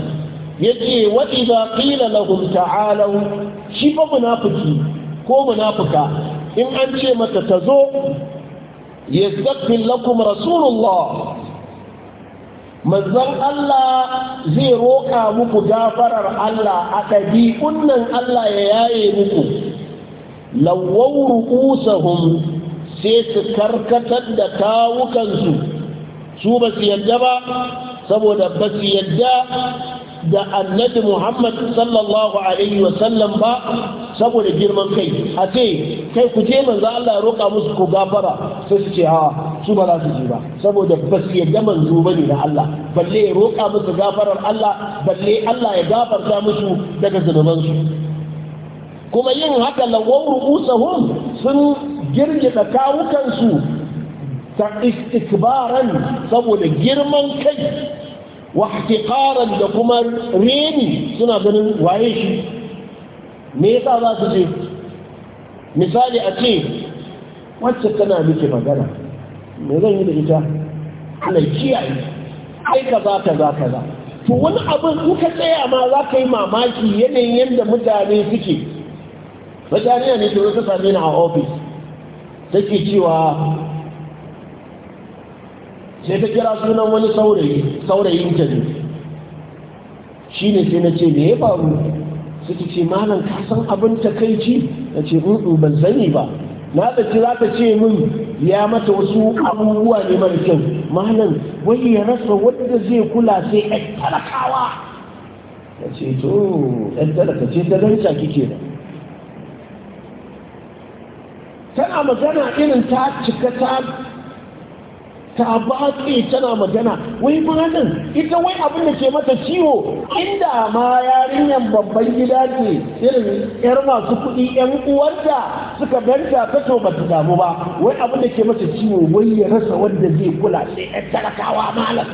yace wa idza qila lahum ta'alu shi fa munafiki ko munafuka in an ce mata ta zo ya zafin lakum rasulullah manzon Allah zai roƙa muku gafarar Allah a ɗabi'un nan Allah ya yaye muku lawau ru'usahum sai su karkatar da kawukansu su ba su yadda ba saboda ba su yadda da annabi muhammad sallallahu alaihi wasallam ba saboda girman kai a ce kai ku je manzo Allah roƙa musu ku gafara sai su ce ha su ba za su ji ba saboda ba su yadda manzo bane na Allah balle ya roƙa musu gafarar Allah balle Allah ya gafarta musu daga zunubansu kuma yin haka lawan ru'usahum sun girgita kawukansu ta istikbaran saboda girman kai wahtiqaran da kuma reni suna ganin waye shi me yasa za su je misali a ce wacce tana miki magana me zan yi da ita ana kiyaye ka kaza kaza kaza to wani abin in ka tsaya ma za ka yi mamaki yanayin yadda mutane suke mutane ne ke wasu sami na a ofis take cewa sai ta kira sunan wani saurayi saurayin ta ne shi ne sai na ce me ya faru suke ce malam ka san abin takaici na ce in ban sani ba na ce za ta ce min ya mata wasu abubuwa ne mara kyau malam wai ya rasa wanda zai kula sai yan talakawa na ce to yan talaka ce ta ganta kike da tana magana irin ta cika ta ta batse tana magana wai malam ita wai abin da ke mata ciwo inda ma yarinyar babban gida ce irin yar masu kuɗi yan uwarta suka danta ta to ba ta damu ba wai abin da ke mata ciwo wai ya rasa wanda zai kula sai yan talakawa malam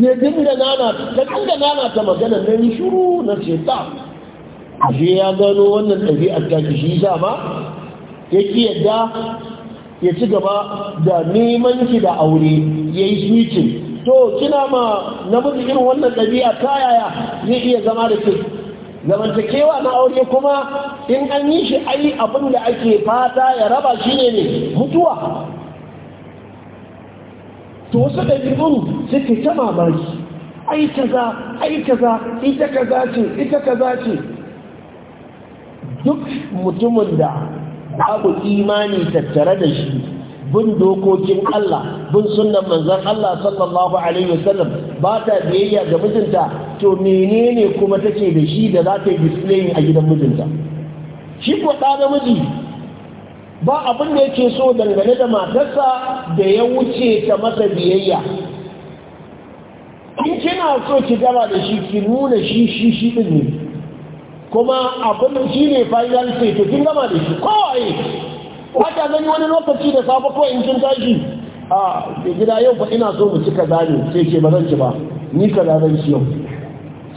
ya dinga nana ta dinga nana ta magana na yi shuru na ce ta ya gano wannan ɗabi'ar ta shi sa ma yake yadda ya ci gaba da neman ki da aure ya yi switching to kina ma namiji irin wannan ɗabi'a ta yaya zai iya zama da ke zamantakewa na aure kuma in an yi shi ai abin da ake fata ya raba shi ne ne mutuwa to wasu ɗabi'un suke ta mamaki ai kaza ai kaza ita kaza ce ita kaza ce duk mutumin da babu imani tattare da shi bin dokokin Allah bin sunnan manzon Allah sallallahu alaihi wasallam ba ta biyayya ga mijinta to menene kuma take da shi da za ta yi display a gidan mijinta shi ko da namiji ba abin da yake so dangane da matarsa da ya wuce ta masa biyayya in kina so ki gaba da shi ki nuna shi shi shi din ne kuma abin shi ne final say to kin gama da shi kawai wata gani wani lokaci da safa ko in kin tashi a gida yau fa ina so mu ci gani sai ce ba zan ci ba ni kaza zan ci yau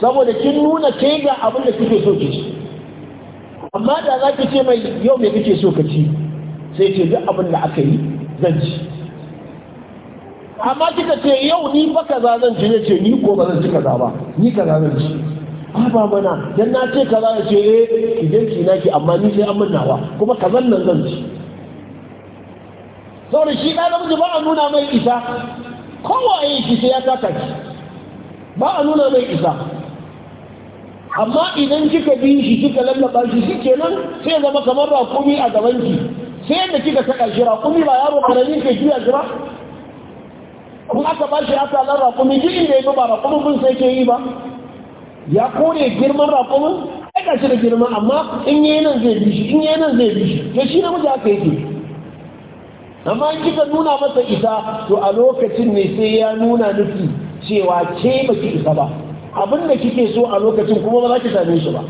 saboda kin nuna kai ga abin da kike so ki ci amma da za ki ce mai yau me kike so ka ci sai ce duk abin da aka yi zan ci amma kika ce yau ni fa kaza zan ci ne ce ni ko ba zan ci kaza ba ni kaza zan ci ba mana dan na ce kaza ya ce eh idan ki na ki amma ni sai an nawa kuma kazan nan zan ci saboda shi ɗan namiji ba a nuna mai isa kowaye ki sai ya taka ki ba a nuna mai isa amma idan kika bi shi kika lallaba shi shi kenan sai ya zama kamar rakumi a gaban ki sai yadda kika saka shi rakumi ba yaro karami ke juya jira kun aka ba shi asalan rakumi duk inda ya ba kun sai ke yi ba ya kore girman raƙumin ai shi da girma amma in yi nan zai bi shi in yi nan zai bi shi to shi namiji haka yake amma in kika nuna masa isa to a lokacin ne sai ya nuna nufi cewa ke baki isa ba abin da kike so a lokacin kuma ba za ki same shi ba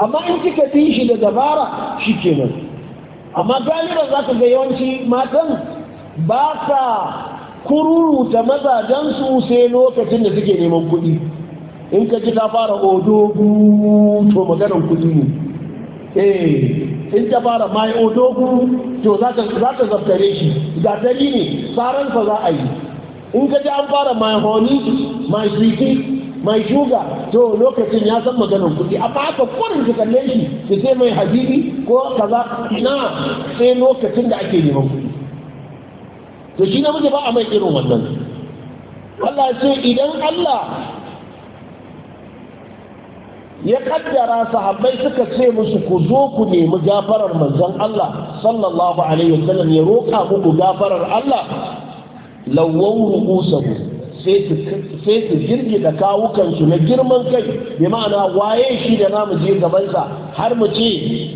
amma in kika bi shi da dabara shi kenan amma galiban za ka ga yawanci matan ba sa kururuta mazajensu sai lokacin da suke neman kuɗi in ka ji ta fara odogu to maganan kudi ne eh in ta fara mai odogu to za ka zaftare shi ga dali ne tsaransa za a yi in ka ji an fara mai honi mai sweetie mai shuga to lokacin ya san maganar kuɗi amma haka kwarin su kalle shi su sai mai hajiri ko kaza na sai lokacin da ake neman kuɗi to shi na muke ba a mai irin wannan Allah ce idan Allah ya kaddara sahabbai suka ce musu ku zo ku nemi gafarar manzon Allah sallallahu alaihi wasallam ya roƙa muku gafarar Allah lawwan ru'usahu sai su sai su kawukan su na girman kai bi ma'ana waye shi da namu je gabansa sa har mu ce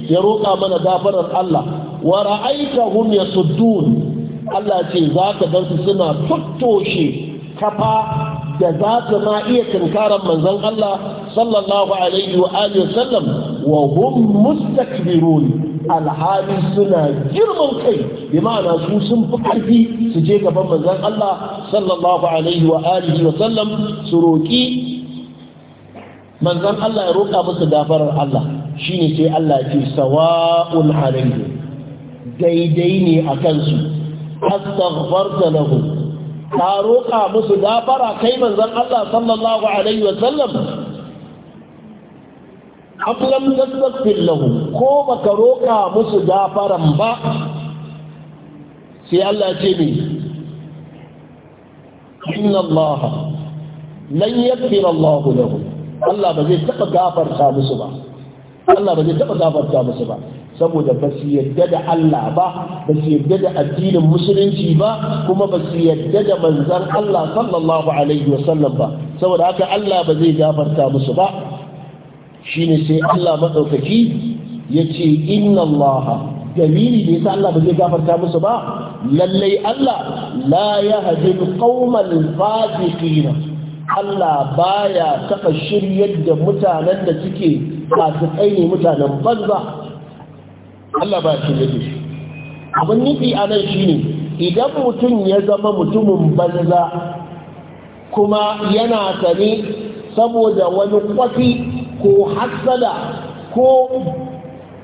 ya roƙa mana gafarar Allah wa ra'aytahum yasuddun Allah ce za ka gansu suna tuttoshe kafa da za ta ma iya tunkarar manzon Allah sallallahu alaihi wa alihi sallam wa hum mustakbirun alhali suna girman kai bi ma'ana su sun fi ƙarfi su je gaban manzon Allah sallallahu alaihi wa alihi wa sallam su roki manzon Allah ya roka musu gafarar Allah shine sai Allah ya ce sawa'un alaihi daidai ne akan su astaghfarta lahum ka roƙa musu gafara kai manzon Allah sallallahu alaihi Wasallam. sallam am lam tastaghfir lahu ko baka roƙa musu gafaran ba sai Allah ce ne inna Allah lan yaghfir Allah lahu Allah ba zai taɓa gafarta musu ba Allah ba zai taɓa gafarta musu ba saboda ba su yadda da Allah ba ba su yadda da addinin musulunci ba kuma ba su yadda da manzan Allah sallallahu alaihi wasallam ba saboda haka Allah ba zai gafarta musu ba shine sai Allah madaukaki yace inna Allah dalili da yasa Allah ba zai gafarta musu ba lallai Allah la yahdi qauman fasiqina Allah baya taɓa shiryar da mutanen da suke fasikai ne mutanen banza Allah ba shi yake abin nufi a nan shi ne idan mutum ya zama mutumin banza kuma yana sane saboda wani kwafi ko hatsada ko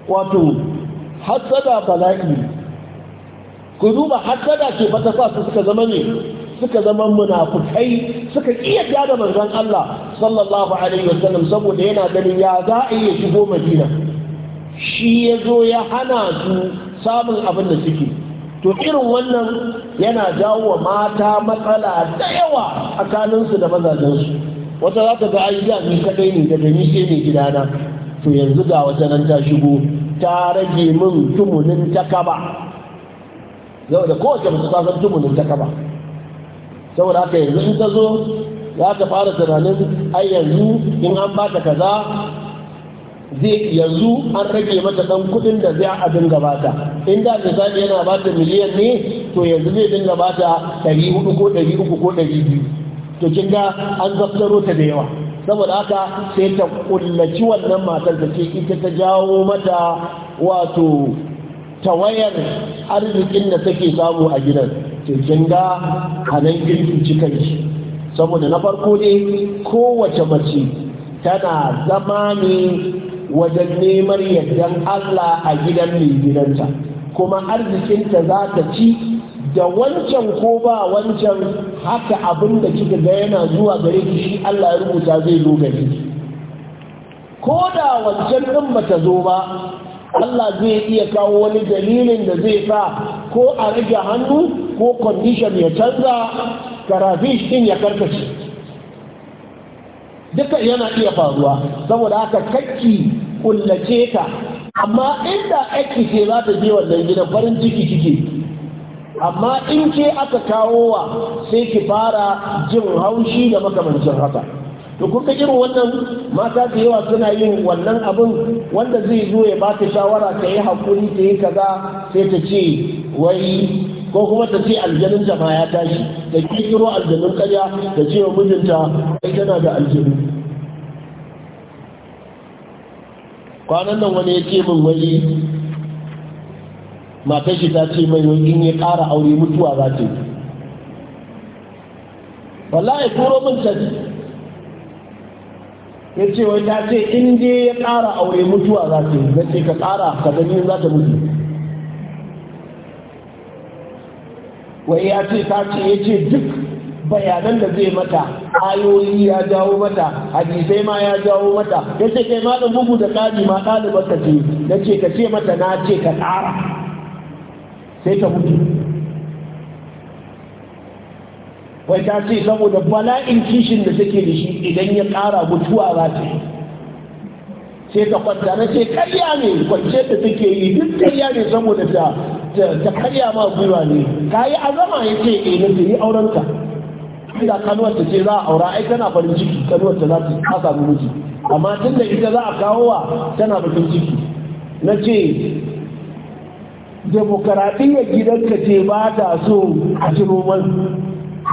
wato hassada bala'i ku duba hatsada ce fata sa su suka zama ne suka zama munafukai suka iya da manzon Allah sallallahu alaihi wasallam saboda yana ganin ya za a iya shigo madina shi ya zo ya hana su samun abin da suke to irin wannan yana jawo wa mata matsala da yawa tsakaninsu da mazajensu wata za ta ga ayyuka ni kadai ne daga ni sai ne gidana to yanzu ga wata nan ta shigo ta rage min tumunin takaba yau da kowace mace ta san tumunin takaba saboda haka yanzu in ta zo za ta fara tunanin ai yanzu in an ba ta kaza yanzu an rage mata dan kudin da zai a dinga bata in da misali yana bata miliyan ne to yanzu zai dinga bata 400 ko 300 ko 200 to kin ga an zaftaro ta da yawa saboda haka sai ta kullaci wannan matar da ke ita ta jawo mata wato tawayar arzikin da take samu a gidan to kin ga anan kin cikin shi saboda na farko ne kowace mace tana zama ne wajen neman yardan Allah a gidan mai gidanta kuma arzikinta za ta ci da wancan ko ba wancan haka abin da kika ga yana zuwa gare ki shi Allah ya rubuta zai zo gare ki ko da wancan din bata zo ba Allah zai iya kawo wani dalilin da zai sa ko a rage hannu ko condition ya canza karafish din ya karkace duka yana iya faruwa saboda haka kakki kullace ka amma inda ake ce za ta je wannan gidan farin ciki kike amma in ke aka kawo wa sai ki fara jin haushi da makamancin haka to kuka irin wannan mata da yawa suna yin wannan abin wanda zai zo ya ba ta shawara ta yi haƙuri ta yi kaza sai ta ce wai ko kuma ta ce aljanin ta ma ya tashi da kirkiro aljanin karya da cewa mijinta ai tana da aljanu kwanan nan wani ya ce min wani matar shi ta ce mai wani in ya ƙara aure mutuwa za ta yi wallahi turo min ta ya ce wai ta ce in ya ƙara aure mutuwa za ta yi zai ka ƙara ka gani za ta mutu wai ya ce ta ce ya ce duk bayanan da zai mata ayoyi ya jawo mata hadisai ma ya jawo mata ya ce kai maɗin bugu da ƙari ma ɗalibar ka ce na ce ka ce mata na ce ka ƙara sai ta mutu wai ta ce saboda bala'in kishin da take da shi idan ya ƙara mutuwa za ta yi sai ka kwanta na ce karya ne kwance ta take yi duk karya ne saboda ta ta karya ma gwiwa ne ka yi azama ya ce eh na yi ka inda kanuwar ta ce za a aura ai tana farin ciki kanuwar ta za ta samu miji amma tun da ita za a kawo wa tana farin ciki na ce demokaraɗiyyar gidanka ce ba ta so a ci roman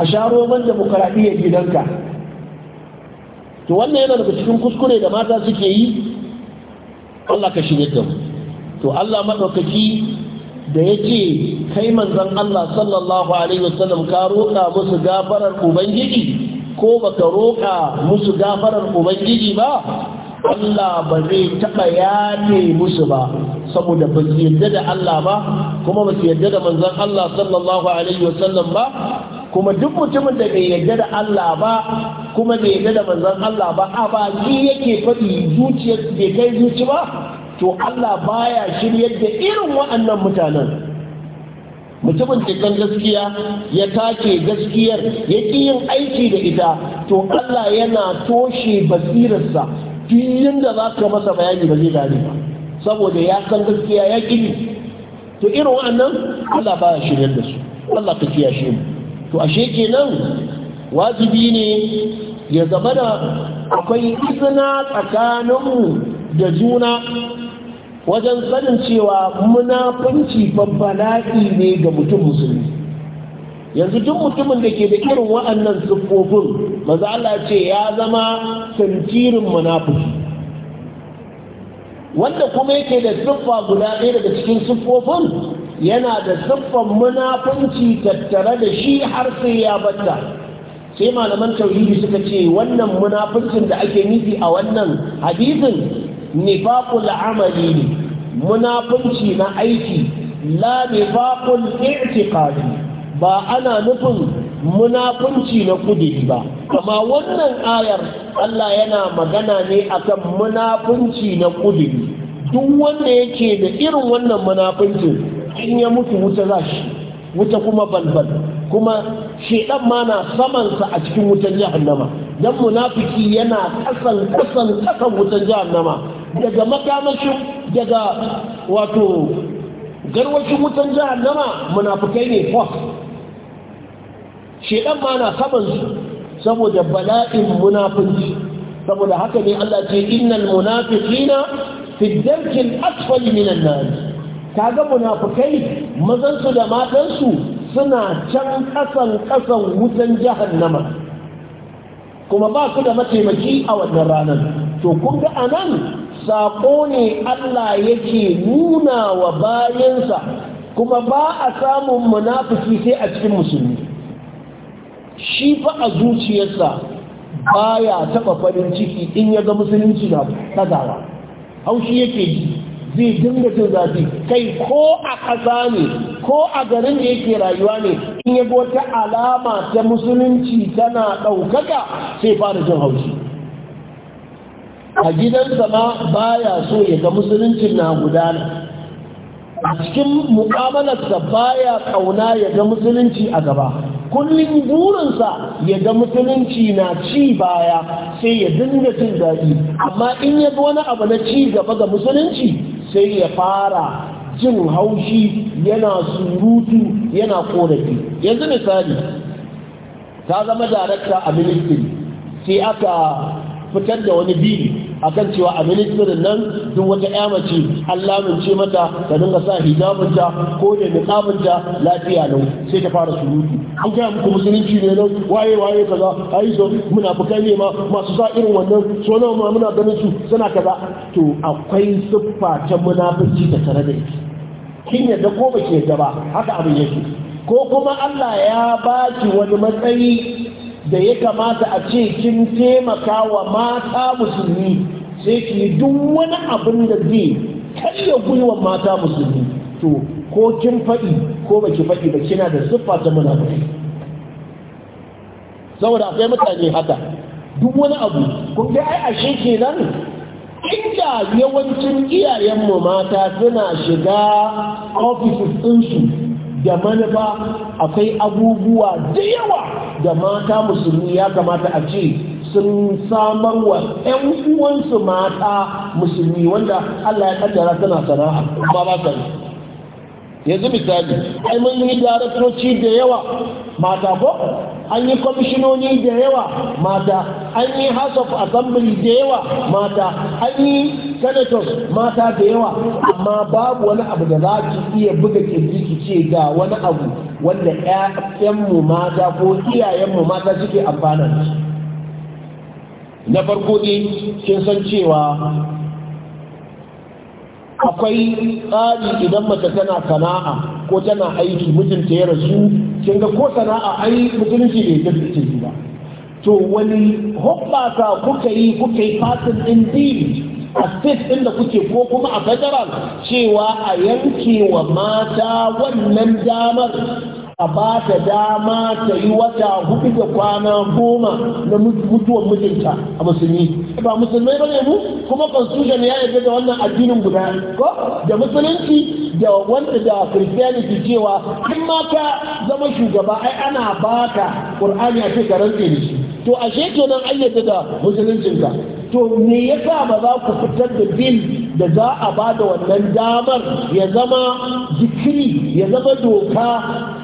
a sha roman demokaraɗiyyar gidanka to wannan yana daga cikin kuskure da mata suke yi Allah ka shirye da mu to Allah madaukaki da yake kai manzon Allah sallallahu alaihi wasallam ka roƙa musu gafarar ubangiji ko baka roƙa musu gafarar ubangiji ba Allah ba zai taɓa yafe musu ba saboda ba su yarda da Allah ba kuma ba su yarda da manzon Allah sallallahu alaihi wasallam ba kuma duk mutumin da bai yarda da Allah ba kuma bai yarda da manzon Allah ba a ba ni yake faɗi zuciyar bai kai zuci ba to Allah baya shiryar da irin waɗannan mutanen mutumin cikin gaskiya ya take gaskiyar ya ƙi yin aiki da ita to Allah yana toshe basirarsa fiyin da za ka masa bayani ba zai gane ba saboda ya san gaskiya ya ƙi to irin waɗannan Allah baya shiryar da su Allah ka kiyashe mu to ashe kenan wajibi ne ya zama da akwai izina tsakaninmu da juna wajen sanin cewa munafunci babbala'i ne ga mutum musulmi yanzu duk mutumin da ke da irin wa'annan siffofin maza Allah ce ya zama tantirin munafiki wanda kuma yake da siffa guda ɗaya daga cikin siffofin yana da siffan munafunci tattare da shi har sai ya bata sai malaman tauhidi suka ce wannan munafuncin da ake nufi a wannan hadisin nifaqul amali ne munafunci na aiki la nifaqul i'tiqadi ba ana nufin munafunci na kudi ba amma wannan ayar Allah yana magana ne akan munafunci na kudi duk wanda yake da irin wannan munafuncin in ya mutu wuta za shi wuta kuma balbal kuma shedan ma na samansa a cikin wutan jahannama dan munafiki yana kasan kasan kasan wutan jahannama daga makamashin daga wato garwashin wutan jahannama munafikai ne fa shedan ma na samansu saboda bala'in munafinci saboda haka ne Allah ce innal munafiqina fi ddarki al-asfali min an-nar kaga munafukai mazansu da matansu suna can kasan kasan wutan jahannama kuma ba su da mataimaki a wannan ranar to kun ga anan saƙo ne Allah yake nuna wa bayansa kuma ba a samun munafiki sai a cikin musulmi shi fa a zuciyarsa baya taɓa farin ciki in ya ga musulunci na tagawa haushi yake ji zai dinga jin zafi kai ko a ƙasa ne ko a garin da yake rayuwa ne in ya wata alama ta musulunci tana ɗaukaka sai fara jin haushi a gidansa ba baya so ya ga musulunci na gudana a cikin mu'amalarsa baya kauna ya ga musulunci a gaba kullum burinsa ya ga musulunci na ci baya sai ya dinga cin daɗi amma in ya wani abu na ci gaba ga musulunci sai ya fara jin haushi yana surutu yana korafi yanzu misali ta zama darakta a ministry sai aka fitar da wani bili akan cewa a ministirin nan duk wata ya mace Allah mun ce mata ka dinga sa hijabinta ko da niqabinta lafiya lau sai ta fara surutu an ga muku musulunci ne nan waye waye kaza ai so muna bukai ne ma masu sa irin wannan so nawa ma muna ganin su suna kaza to akwai siffa ta munafici ta tare da ita kin yadda ko ba ke ba haka abin yake ko kuma Allah ya baki wani matsayi da ya kamata a ce kin taimaka wa mata musulmi sai ki duk wani abin da zai karya gwiwa mata musulmi to ko kin faɗi ko ba ki faɗi ba kina da siffa ta munafiki saboda akwai mutane haka duk wani abu kun ga ai ashe kenan inda yawancin iyayenmu mata suna shiga ofisis ɗinsu da manufa akwai abubuwa da yawa da mata musulmi ya kamata a ce sun samar wa 'yan uwansu mata musulmi wanda Allah ya kaddara tana sana'a ba ba sani yanzu misali ai mun yi daraktoci da yawa mata ko an yi kwamishinoni da yawa mata an yi house of assembly da yawa mata an yi senators mata da yawa amma babu wani abu da za ki iya buga kirji ki ce ga wani abu wanda ƴaƴanmu mata ko iyayenmu mata suke amfana da shi na farko dai kin san cewa akwai tsari idan mace tana sana'a ko tana aiki mijinta ya rasu kin ga ko sana'a ai mutunci bai tafi ba to wani hoɓɓasa kuka yi kuka yi fasin ɗin dini a state ɗin da kuke ko kuma a federal cewa a yanke wa mata wannan damar a ba ta dama ta yi wata hudu da kwana goma na mutuwar mijinta a musulmi ba musulmai ba ne mu kuma constitution ya yarda da wannan addinin guda ko da musulunci da wanda da christianity cewa in ma ka zama shugaba ai ana baka qur'ani a cikin rantsi da shi to ashe kenan an yarda da musuluncinka to me yasa ba za ku fitar da bil da za a ba da wannan damar ya zama zikiri ya zama doka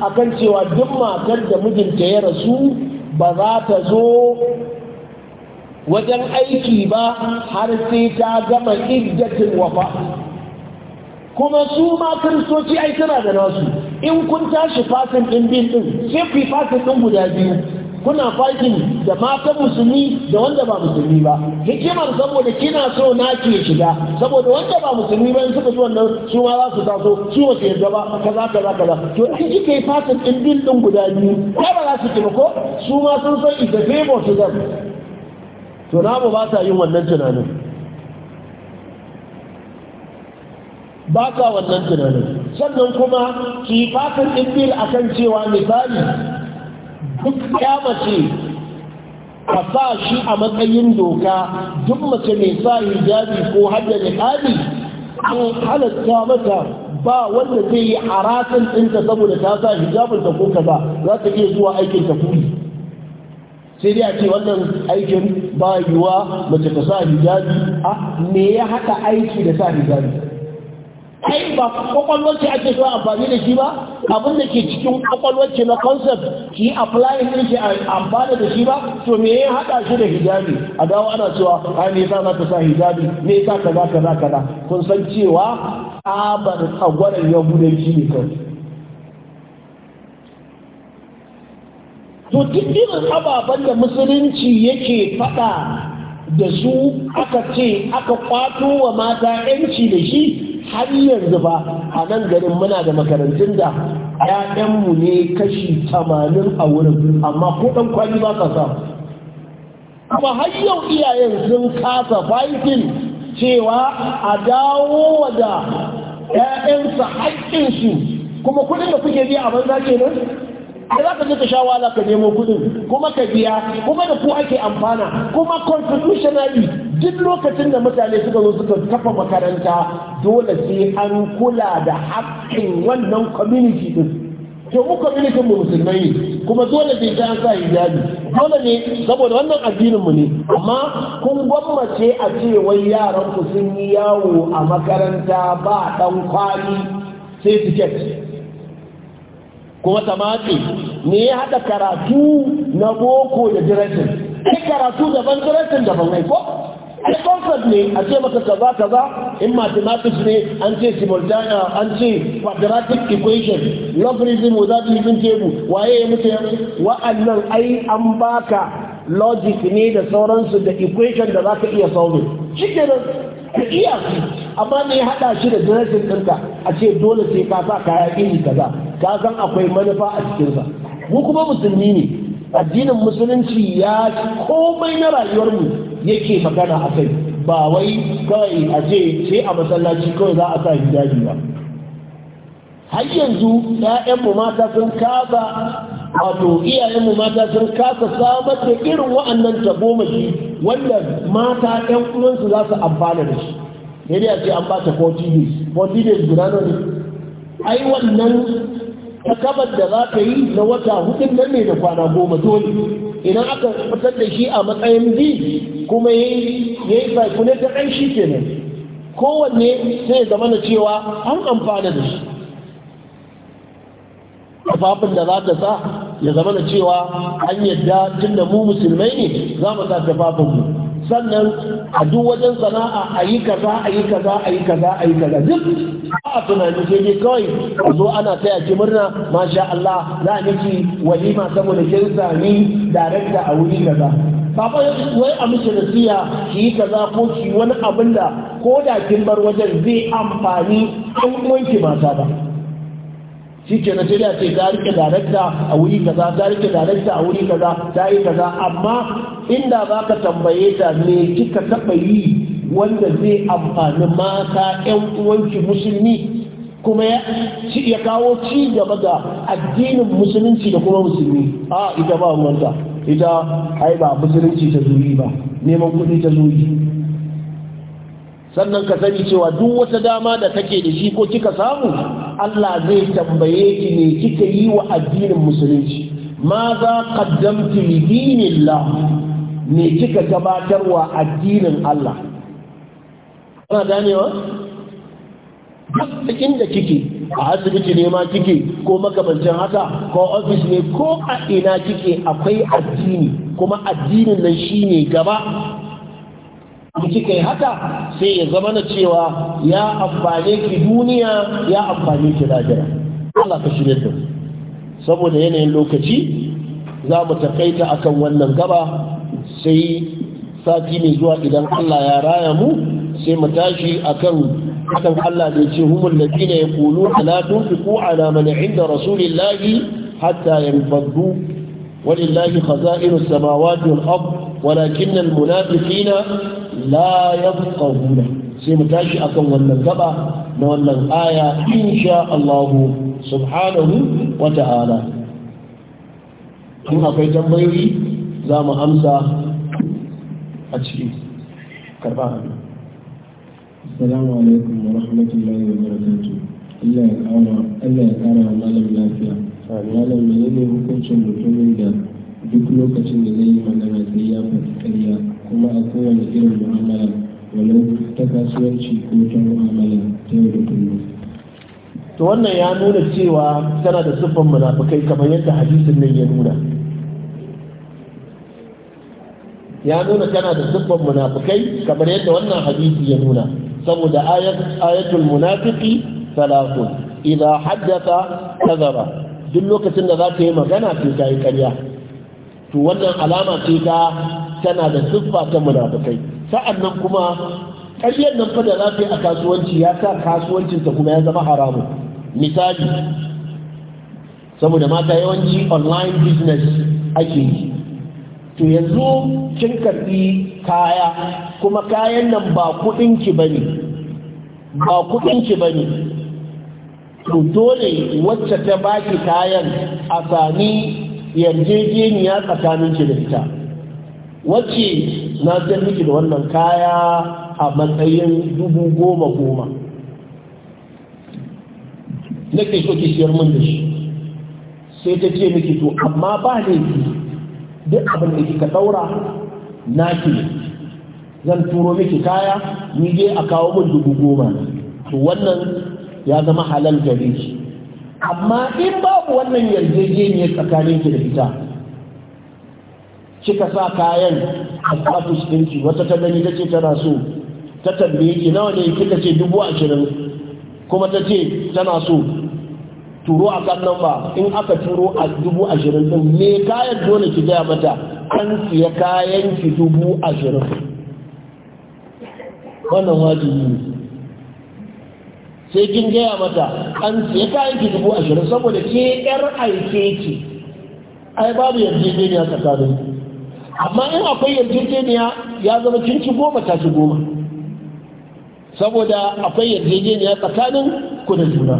akan cewa duk matar da mijinta ya rasu ba za ta zo wajen aiki ba har sai ta gama iddatin wafa kuma su ma kiristoci ai suna da nasu in kun tashi fasin ɗin bin ɗin sai ku yi fasin ɗin guda biyu kuna fighting da matan musulmi da wanda ba musulmi ba hikimar saboda kina so na ke shiga saboda wanda ba musulmi ba in suka zo wannan su ma za su taso su wasu yadda ba kaza kaza kaza to in kika kai fasin ɗin bil ɗin guda biyu ko ba za su kira ko su ma sun san ita favor to zan. to na ba ta yin wannan tunanin ba ta wannan tunanin sannan kuma ki ɗin din bil akan cewa misali duk ya mace a sa shi a matsayin doka duk mace mai sa hijabi ko hajja da an halatta mata ba wanda zai yi harasin ɗinta saboda ta sa hijabin ta ko kaza za ta iya zuwa aikin ta kuli sai dai a ce wannan aikin ba mace ta sa hijabi a me ya haɗa aiki da sa hijabi ai ba kwakwalwar ce ake a amfani da shi ba abin da ke cikin kwakwalwar ce na concept ki yi applying din shi amfani da shi ba to me ya haɗa shi da hijabi a dawo ana cewa ai me yasa za ka sa hijabi me yasa za ka da. kun san cewa tsabar tsagwaran shi ne ka. to duk irin ababen da musulunci yake faɗa da su aka ce aka kwato wa mata 'yanci da shi har yanzu ba a nan garin muna da makarantun da ‘ya'yanmu ne kashi tamanin a wurin amma ko ɗan kwali ba ka sa kuma har yau iyayen sun kasa fighting cewa a dawo da ‘ya'yansa haƙƙinsu kuma kuɗin da kuke biya a banza kenan da za ka je ka sha wala ka nemo kuɗin kuma ka biya kuma da ku ake amfana kuma constitutionally duk lokacin da mutane suka zo suka kafa makaranta dole sai an kula da haƙƙin wannan community din to mu community mu musulmai kuma dole ne ta sa hijabi dole ne saboda wannan addinin mu ne amma kun gwammace a ce wai yaran ku sun yi yawo a makaranta ba dan kwali sai ticket kuma ta matse me ya haɗa karatu na boko da dirasin ke karatu daban dirasin daban ai ko ai ne a ce maka kaza kaza in mathematics ne an ce simultana an ce quadratic equation logarithm without using table waye ya mutu wa'annan ai an baka logic ne da sauransu da equation da za ka iya sauri shi ke ka iya amma me ya haɗa shi da dressing ɗinka a ce dole sai ka sa kaya iri kaza ka san akwai manufa a cikinsa mu kuma musulmi ne addinin musulunci ya komai na mu yake magana a kai ba wai kawai a ce ce a masallaci kawai za a sa hijabi ba har yanzu mu mata sun kasa wato iyayenmu mata sun kasa samar da irin wa'annan tagomashi wanda mata ‘yan uwansu za su amfana da shi yadda ya ce an ba ta 40 days 40 days guda na ne ai wannan takabar da za ka yi na wata hudun nan ne da kwana goma dole idan aka fitar da shi a matsayin bi kuma ya yi saikune ta ɗan shi kenan kowanne sai zama na cewa an amfana da shi kafafin da za ka sa ya zama na cewa an yadda tun da mu musulmai ne za mu sa kafafin mu sannan a duk wajen sana'a a yi kaza a yi kaza a yi kaza a yi kaza duk a tunanin sai dai kawai a zo ana taya ki murna masha Allah za a miki walima saboda kin sami darakta a wuri kaza ba wai a miki nasiya ki yi kaza ko ki wani abin da ko da kin bar wajen zai amfani ɗan uwanki mata ba shi ke na shirya ce ta rike darakta a wuri kaza ta rike darakta a wuri kaza ta yi kaza amma inda za ka tambaye ta me kika taɓa yi wanda zai amfani mata 'yan uwanki musulmi kuma ya kawo ci gaba ga addinin musulunci da kuma musulmi a ita ba wanda ita ai ba musulunci ta zuri ba neman kuɗi ta zuri sannan ka sani cewa duk wata dama da kake da shi ko kika samu Allah zai tambaye ki ne kika yi wa addinin musulunci ma za qaddamtu li dinillah ne kika wa addinin Allah kana ganewa duk inda kike a asibiti ne ma kike ko makabancin haka ko ofis ne ko a ina kike akwai addini kuma addinin nan shine gaba in kika yi haka sai ya zama na cewa ya amfane ki duniya ya amfane ki lahira Allah ka shirya da saboda yanayin lokaci za mu takaita akan wannan gaba sai sati mai zuwa idan Allah ya raya mu sai mu tashi akan akan Allah da ce humul ladina yaquluna la tunfiqu ala man 'inda rasulillahi hatta yanfaddu walillahi khaza'inus samawati wal ard walakinnal la yafqahuna sai mu tashi akan wannan gaba na wannan aya insha Allah subhanahu wa ta'ala in akwai tambayoyi za mu amsa a ciki hannu. Salamu alaikum wa rahmatullahi wa barakatuh Allah ya kara wa ya kara malam lafiya malam menene hukuncin mutumin da duk lokacin da zai yi magana sai ya faɗi ƙarya kuma a kowane irin mu'amala walau ta kasuwanci ko ta mu'amala ta yau da kullum to wannan ya nuna cewa tana da siffan munafukai kamar yadda hadisin nan ya nuna ya nuna tana da siffar munafukai kamar yadda wannan hadisi ya nuna saboda ayatul munafiki salatu idza ta kadhaba duk lokacin da za ka yi magana sai ka yi ƙarya to wannan alama ce ta tana da siffa ta munafikai sa'annan kuma ƙaryar nan fa da za ta yi a kasuwanci ya sa kasuwancinsa kuma ya zama haramun misali saboda mata yawanci online business ake yi to yanzu kin karɓi kaya kuma kayan nan ba kuɗinki ba ne ba kuɗinki ba ne to dole wacce ta baki kayan a sami yarjejeniya tsakanin ki da ita wacce na sayar miki da wannan kaya a matsayin dubu goma goma ke so ki siyar min da shi sai ta ce miki to amma ba laifi duk abin da kika daura na ke zan turo miki kaya ni dai a kawo mun dubu goma to wannan ya zama halal gare shi amma in babu wannan yarjejeniyar tsakanin ki da ita kika sa kayan a status ɗinki wata ta gani ta ce tana so ta tambaye ki nawa ne kika ce dubu ashirin kuma ta ce tana so turo a kan namba in aka turo a dubu ashirin ɗin me kayan dole ki gaya mata an siya kayan ki dubu ashirin wannan wajibi ne sai kin gaya mata an siya kayan ki dubu ashirin saboda ke yar aike ce ai babu yarjejeniya tsakanin amma in akwai yarjejeniya ya zama kin ci goma ta ci goma saboda akwai yarjejeniya tsakanin ku da juna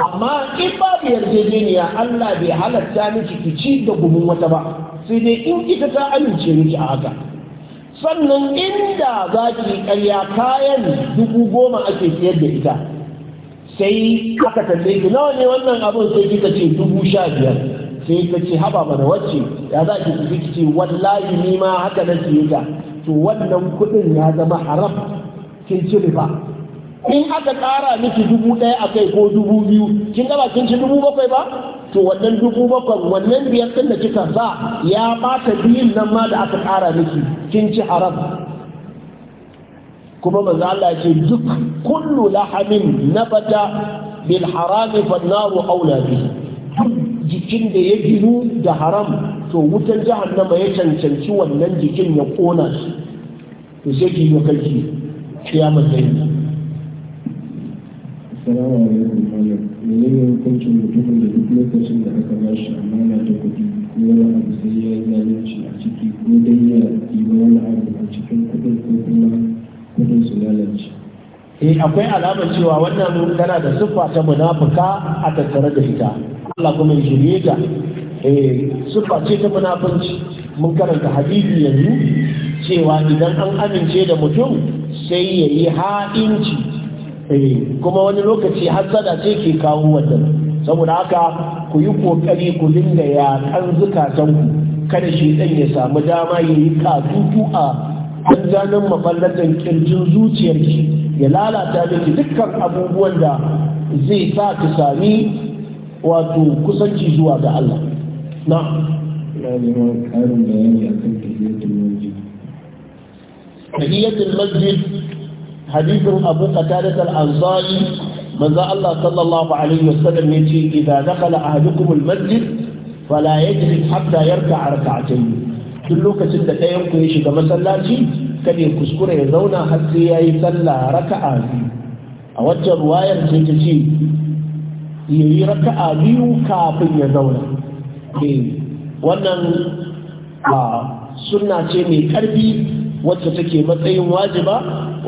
amma in babu yarjejeniya Allah bai halatta miki ki ci da gumin wata ba sai dai in ita ta amince miki a haka sannan inda za ki karya kayan dubu goma ake siyar da ita sai aka tambaye ki nawa ne wannan abin sai kika ce dubu sha biyar sai ka ce haba mana wacce ya za ki tafi ki ce wallahi ni ma haka na ke ta to wannan kuɗin ya zama haram kin ci riba in aka ƙara miki dubu ɗaya a kai ko dubu biyu kin gaba kin ci dubu bakwai ba to wannan dubu bakwai wannan biyar ɗin da kika sa ya ɓata biyun nan ma da aka ƙara miki kin ci haram kuma manzo Allah ce duk kullu lahamin nabata bil haram fa naru aula duk jikin da ya ginu da haram to wutar jahannama ya cancanci wannan jikin ya kona shi to sai ki yi kanki kiyamar da yi Assalamu alaikum malam. Menene hukuncin mutumin da duk lokacin da aka ba shi amana ta kuɗi ko wani abu sai ya yi zalunci a ciki ko dai ya ɗiba wani abu a cikin kuɗin ko kuma gudun su lalace eh akwai alamar cewa wannan tana da siffa ta munafuka a tattare da ita Allah kuma ya shirye ta eh siffa ce ta munafunci mun karanta hadisi yanzu cewa idan an amince da mutum sai ya yi ha'inci eh, kuma wani lokaci hassada ce ke kawo wannan saboda haka ku yi kokari ku dinga kan zukatanku kada shi ya samu dama ya yi katutu a dajjanin mafallatan kirjin zuciyarki ya lalata miki dukkan abubuwan da zai sa ki sami wato kusanci zuwa ga Allah na lazima karin bayani akan tahiyatul masjid tahiyatul masjid hadithin Abu Qatadah al-Ansari manzo Allah sallallahu alaihi wasallam ce idza dakhala ahadukum al-masjid fala yajlis hatta yarka'a rak'atayn duk lokacin da ɗayan ku ya shiga masallaci kada ya kuskura ya zauna har sai ya yi sallah raka'a biyu a waccan ruwayar sai ta ce ya yi raka'a biyu kafin ya zauna eh, wannan sunna ce mai ƙarfi wacce take matsayin wajiba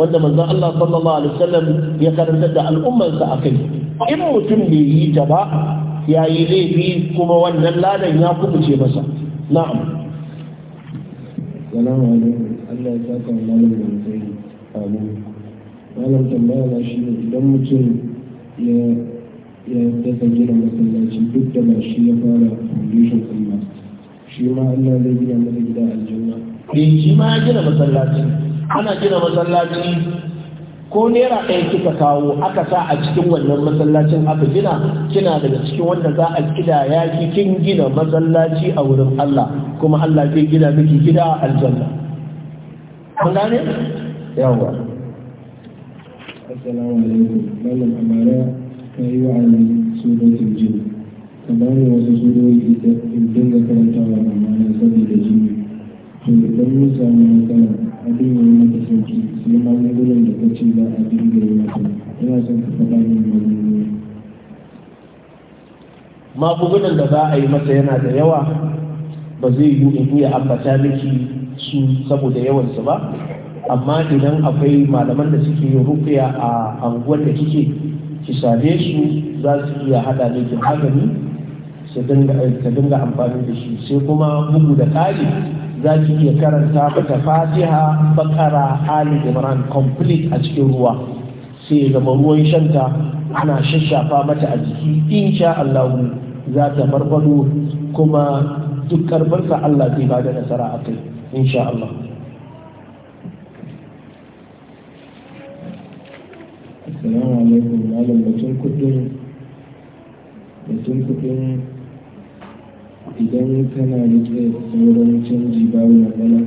wanda manzon Allah sallallahu alaihi wasallam ya karantar da al'ummarsa akai in mutum bai yi ta ba yayi laifi kuma wannan ladan ya kubuce masa na'am salamu alaikum allah ya saka wa malam da zai abu malam tambaya na shi ne idan mutum ya ya gina masallaci duk da ba shi ya fara foundation din ba shi ma allah zai gina masa gida aljanna eh shi ma ya gina masallaci ana gina masallaci ko naira ɗaya kika kawo aka sa a cikin wannan masallacin aka gina kina daga cikin wanda za a gida ya kin gina masallaci a wurin Allah kuma Allah zai gina miki gida a aljanna an gane yawa assalamu alaikum malam amara kai wa alaikum sunan jini ka bani wasu surori in dinga karantawa amma na saboda jini to idan mun magungunan da za a yi masa yana da yawa ba zai yi in iya ambata miki su saboda yawansu ba amma idan akwai malaman da suke yin rufiya a anguwar da kike ki same su za su iya haɗa miki magani su dinga amfani da shi sai kuma bugu da kari za ki iya karanta mata fatiha bakara ali imran complete a cikin ruwa sai zama ruwan shanta ana shashafa mata a jiki insha Allah za ta farfado kuma duk karbarsa Allah zai ba da nasara a kai insha Allah Assalamu alaikum malam batun kudin batun kudin idan kana nutse sauran canji babu matsala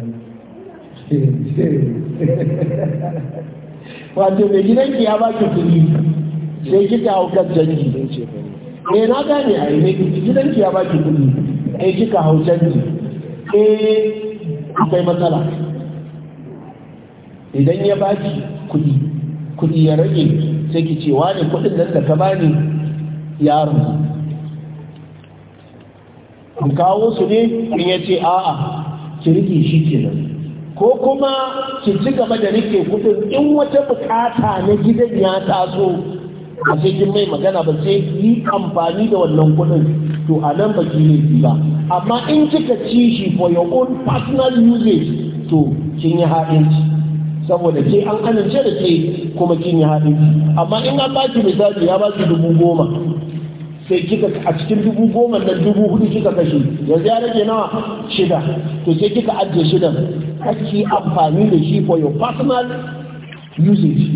wato mai ki ya baki kuɗi sai kika hau kan canji eh na gane a mai ki ya baki kuɗi sai kika hau canji eh akwai matsala idan ya baki kuɗi kuɗi ya rage sai ki ce wani kuɗin nan da ka bani ya rubu ku kawo su ne in ya ce a'a ki rike shi nan ko kuma ki ci gaba da rike kudin in wata bukata na gidan ya taso a sai kin mai magana ba sai yi amfani da wannan kudin to a nan ba ki ba amma in kika ci shi for your own personal usage to kin yi ha'inci saboda ke an amince da ke kuma kin yi haɗin amma in an baki misali ya baki dubu goma sai kika a cikin dubu goma da dubu hudu kika kashe yanzu ya rage nawa shida to sai kika ajiye shida kake amfani da shi for your personal usage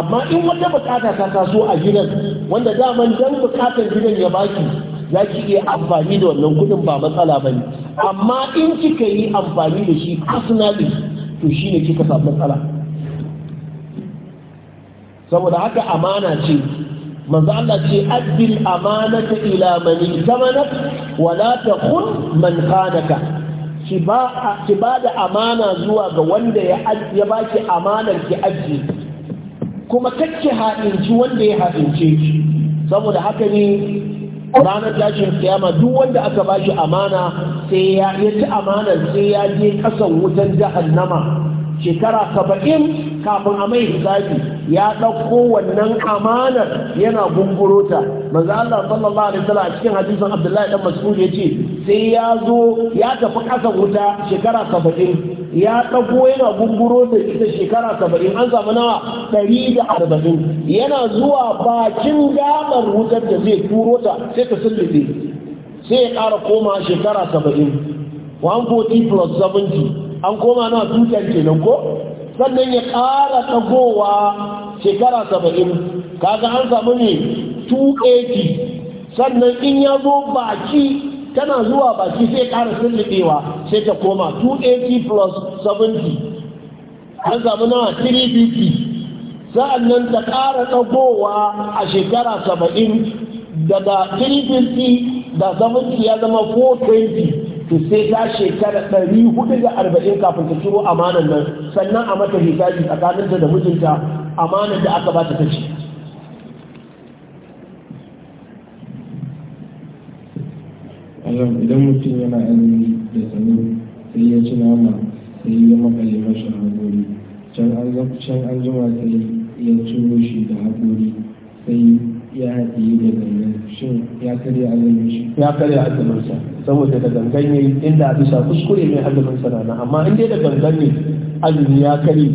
amma in wata bukata ta taso a gidan wanda daman dan bukatar gidan ya baki za ki iya amfani da wannan kudin ba matsala ba ne amma in kika yi amfani da shi personally to shi ne kika samu matsala saboda haka amana ce manzo Allah ce addil amanata ila man tamana wa la takhun man khanaka ki ba ki ba da amana zuwa ga wanda ya ya baki amanar ki aji kuma kacce haɗinci wanda ya haɗince ki saboda haka ne ranar tashin kiyama duk wanda aka bashi amana sai ya ci amanar sai ya je kasan wutan jahannama shekara saba'in kafin a mai hisabi ya ɗauko wannan amanar yana gungurota. ta manzo Allah sallallahu alaihi wasallam a cikin hadisin Abdullahi dan Mas'ud yace sai ya zo ya tafi kasa wuta shekara saba'in ya ɗauko yana gunguro ta ita shekara saba'in an zama nawa ɗari da arba'in yana zuwa bakin gaɓar wutar da zai turo ta sai ta sulluɗe sai ya ƙara koma shekara saba'in 140 plus 70 an koma na tutar kenan ko sannan ya ƙara tagowa shekara saba'in kaga an samu ne 280 sannan in ya zo baki tana zuwa baki sai ƙara sulluɓewa sai ta koma 280 plus 70 an samu na 350 sa'annan ta ƙara tagowa a shekara saba'in daga 350 da 70 ya zama 420 to sai ta shekara ɗari hudu da arba'in kafin ta ciro amanan nan sannan a mata hisabi tsakaninta da mijinta amanan da aka bata ta ci idan mutum yana azumi da tsaro sai ya ci nama sai ya makale mashi haƙori can an zuma sai ya ciro shi da haƙori sai ya haɗe da gangan shin ya karya azumin shi ya karya azumin sa saboda da gangan yayi inda a bisa kuskure mai azumin sana'a, amma inda dai da gangan ne azumi ya kare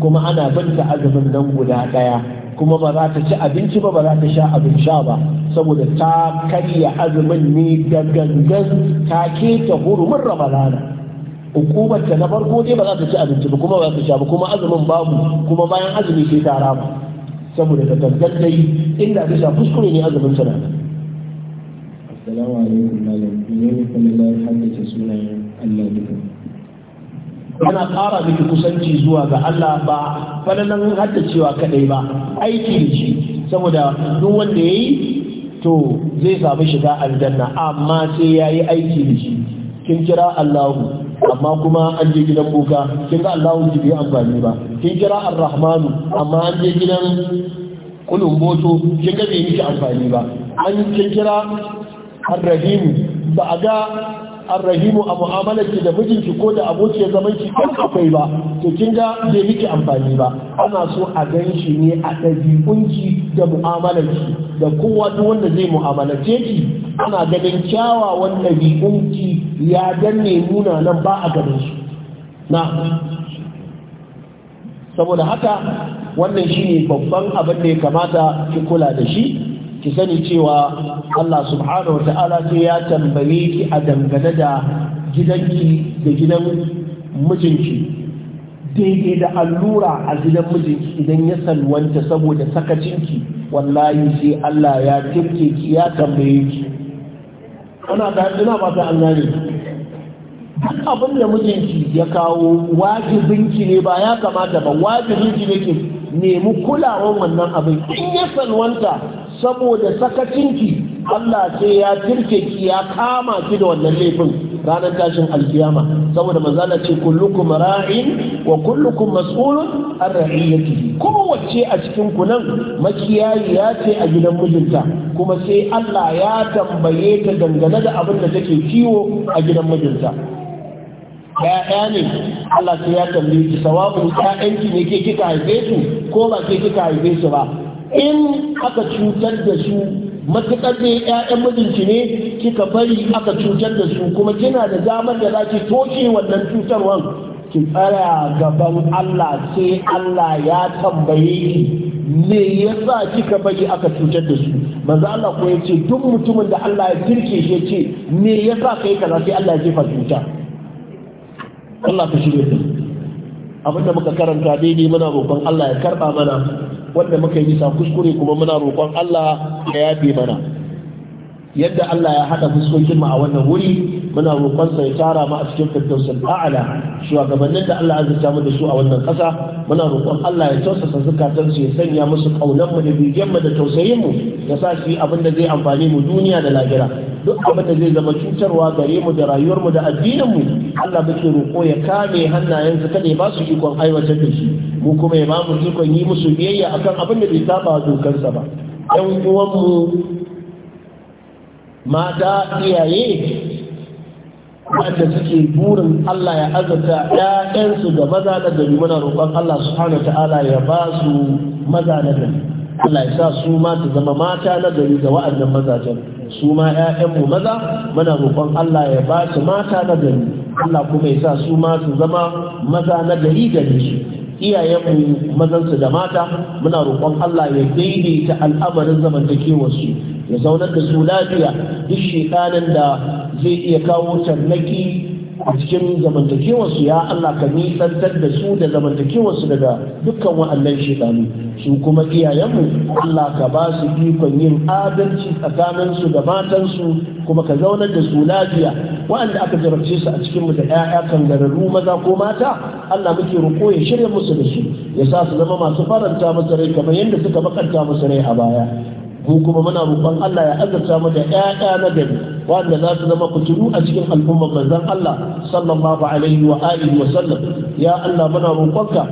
kuma ana banta azumin nan guda daya kuma ba za ta ci abinci ba ba za ta sha abin sha ba saboda ta karya azumin ne da gangan ta ke ta hurumin ramadana hukumar ta na farko dai ba za ta ci abinci ba kuma ba za ta sha ba kuma azumin babu kuma bayan azumi sai ta rama saboda da gangan dai inda bisa kuskure ne azumin sana'a. Yana ƙara miki kusanci zuwa ga Allah ba falalan haddacewa kadai ba aiki shi saboda duk wanda yayi to zai samu shiga aljanna amma sai yayi aiki da shi kin kira Allahu amma kuma an je gidan kuka kin ga Allahu ki bi amfani ba kin kira Ar-Rahmanu amma an je gidan kulun boto kin ga bai miki amfani ba an kin kira arrahimu ba a ga arrahimu a mu'amalarki da mijinki ko da abokiyar zaman ki kan akwai ba to kin ga bai miki amfani ba ana so a ganshi ne a ɗabi'unki da mu'amalarki da kowa duk wanda zai mu'amalace ki ana ganin kyawawan ɗabi'unki ya danne nuna nan ba a ganin shi na saboda haka wannan shi ne babban abin da ya kamata ki kula da shi ki sani cewa Allah subhanahu wa ta'ala sai ya tambaye ki a dangane da gidanki da gidan mijinki daidai da allura a gidan mijinki idan ya salwanta saboda sakacinki wallahi sai Allah ya tabke ki ya tambaye ki ana da ina ba ta Allah duk abin da mijinki ya kawo wajibinki ne ba ya kamata ba wajibinki ne ki nemi kulawan wannan abin in ya salwanta saboda sakacinki Allah sai ya tirke ki ya kama ki da wannan laifin ranar tashin alkiyama saboda manzala ce kullukum ra'in wa kullukum mas'ulun an ra'iyatihi kowace a cikin ku nan makiyayi ya ce a gidan mijinta kuma sai Allah ya tambaye ta dangane da abin da take kiwo a gidan mijinta ya'ya ne Allah sai ya tambaye ki sawabun ya'yanki ne ke kika haife su ko ba ke kika haife su ba in aka cutar da su matuƙar ne 'ya'yan mijinki ne kika bari aka cutar da su kuma kina da damar da za ki toshe wannan cutarwan ki tsara gaban Allah sai Allah ya tambaye ki me yasa kika bari aka cutar da su manzo Allah ko yace duk mutumin da Allah ya kirke shi yace me yasa kai kaza sai Allah ya jefa cuta Allah ka shirye abinda muka karanta daidai mana roƙon Allah ya karɓa mana wanda muka yi kuskure kuma muna roƙon Allah ya yafe mana yadda Allah ya haɗa fuskokin mu a wannan wuri muna roƙon sa ya tara mu a cikin firdausul a'la shugabannin da Allah azurta mu da su a wannan ƙasa muna roƙon Allah ya tausasa zukatan su ya sanya musu kaunan mu da bigen mu da tausayin mu ya sa shi abin da zai amfani mu duniya da lahira duk abin da zai zama cutarwa gare mu da rayuwar mu da addinin mu Allah muke roƙo ya kame hannayensu kada ya ba su ikon aiwatar da shi mu kuma ya ba mu ikon yi musu biyayya akan abin da bai saba dokarsa ba ɗan uwanmu mata iyaye wanda suke burin Allah ya azata ‘ya'yansu da maza da gari muna roƙon Allah subhanahu ta'ala ya ba su maza na gari Allah ya sa su ma ta zama mata na gari da wa'annan mazajen su ma ‘ya'yanmu maza muna roƙon Allah ya ba su mata na gari Allah kuma ya sa su ma su zama maza na gari gari iyayenmu mazansu da mata muna roƙon Allah ya daidaita al'amarin zamantakewarsu ya zaunar da su lafiya duk shekaran da zai iya kawo tarnaki a cikin zamantakewarsu ya Allah ka nisantar da su da zamantakewarsu daga dukkan wa'annan shekaru su kuma iyayenmu Allah ka ba su ikon yin adalci tsakaninsu da matansu kuma ka zaunar da su lafiya wa'anda aka jarabce su a cikinmu da 'ya'ya kangararru maza ko mata Allah muke roƙo ya shirya musu da su ya sa su zama masu faranta musu rai kamar yadda suka bakanta musu rai a baya mu kuma muna roƙon Allah ya azurta mu da 'ya'ya na gari wanda za su zama kuturu a cikin al'ummar manzon Allah sallallahu alaihi wa alihi wa sallam ya Allah muna roƙonka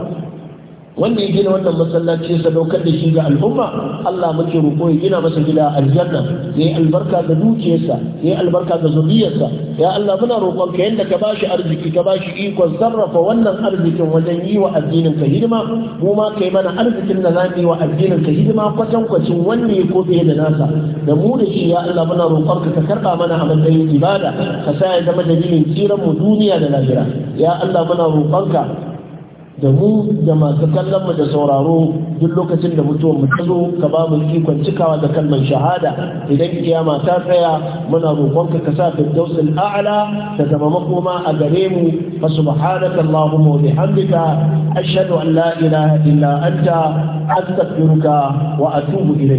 wanda ya gina wannan masallaci ya sadaukar da shi ga al'umma Allah muke roƙo ya gina masa gida aljanna ya yi albarka ga dukiyarsa ya yi albarka ga zuriyarsa ya Allah muna roƙon ka yadda ka bashi arziki ka bashi ikon sarrafa wannan arzikin wajen yi wa addinin ka hidima mu ma kai mana arzikin da zamu yi wa addinin ka hidima kwatan kwacin wanda ya kofe da nasa da mu da shi ya Allah muna roƙon ka ka karɓa mana a matsayin ibada ka sa ya zama dalilin tsiran mu duniya da lahira ya Allah muna roƙon ka da mu da masu kallon mu da sauraro duk lokacin da mutuwar mu tazo ka ba mu ikon cikawa da kalman shahada idan kiyama ta tsaya muna roƙon ka sa firdausul a'la ta zama makoma a gare mu fa subhanaka allahumma wa bihamdika ashhadu an la ilaha illa anta astaghfiruka wa atubu ilayk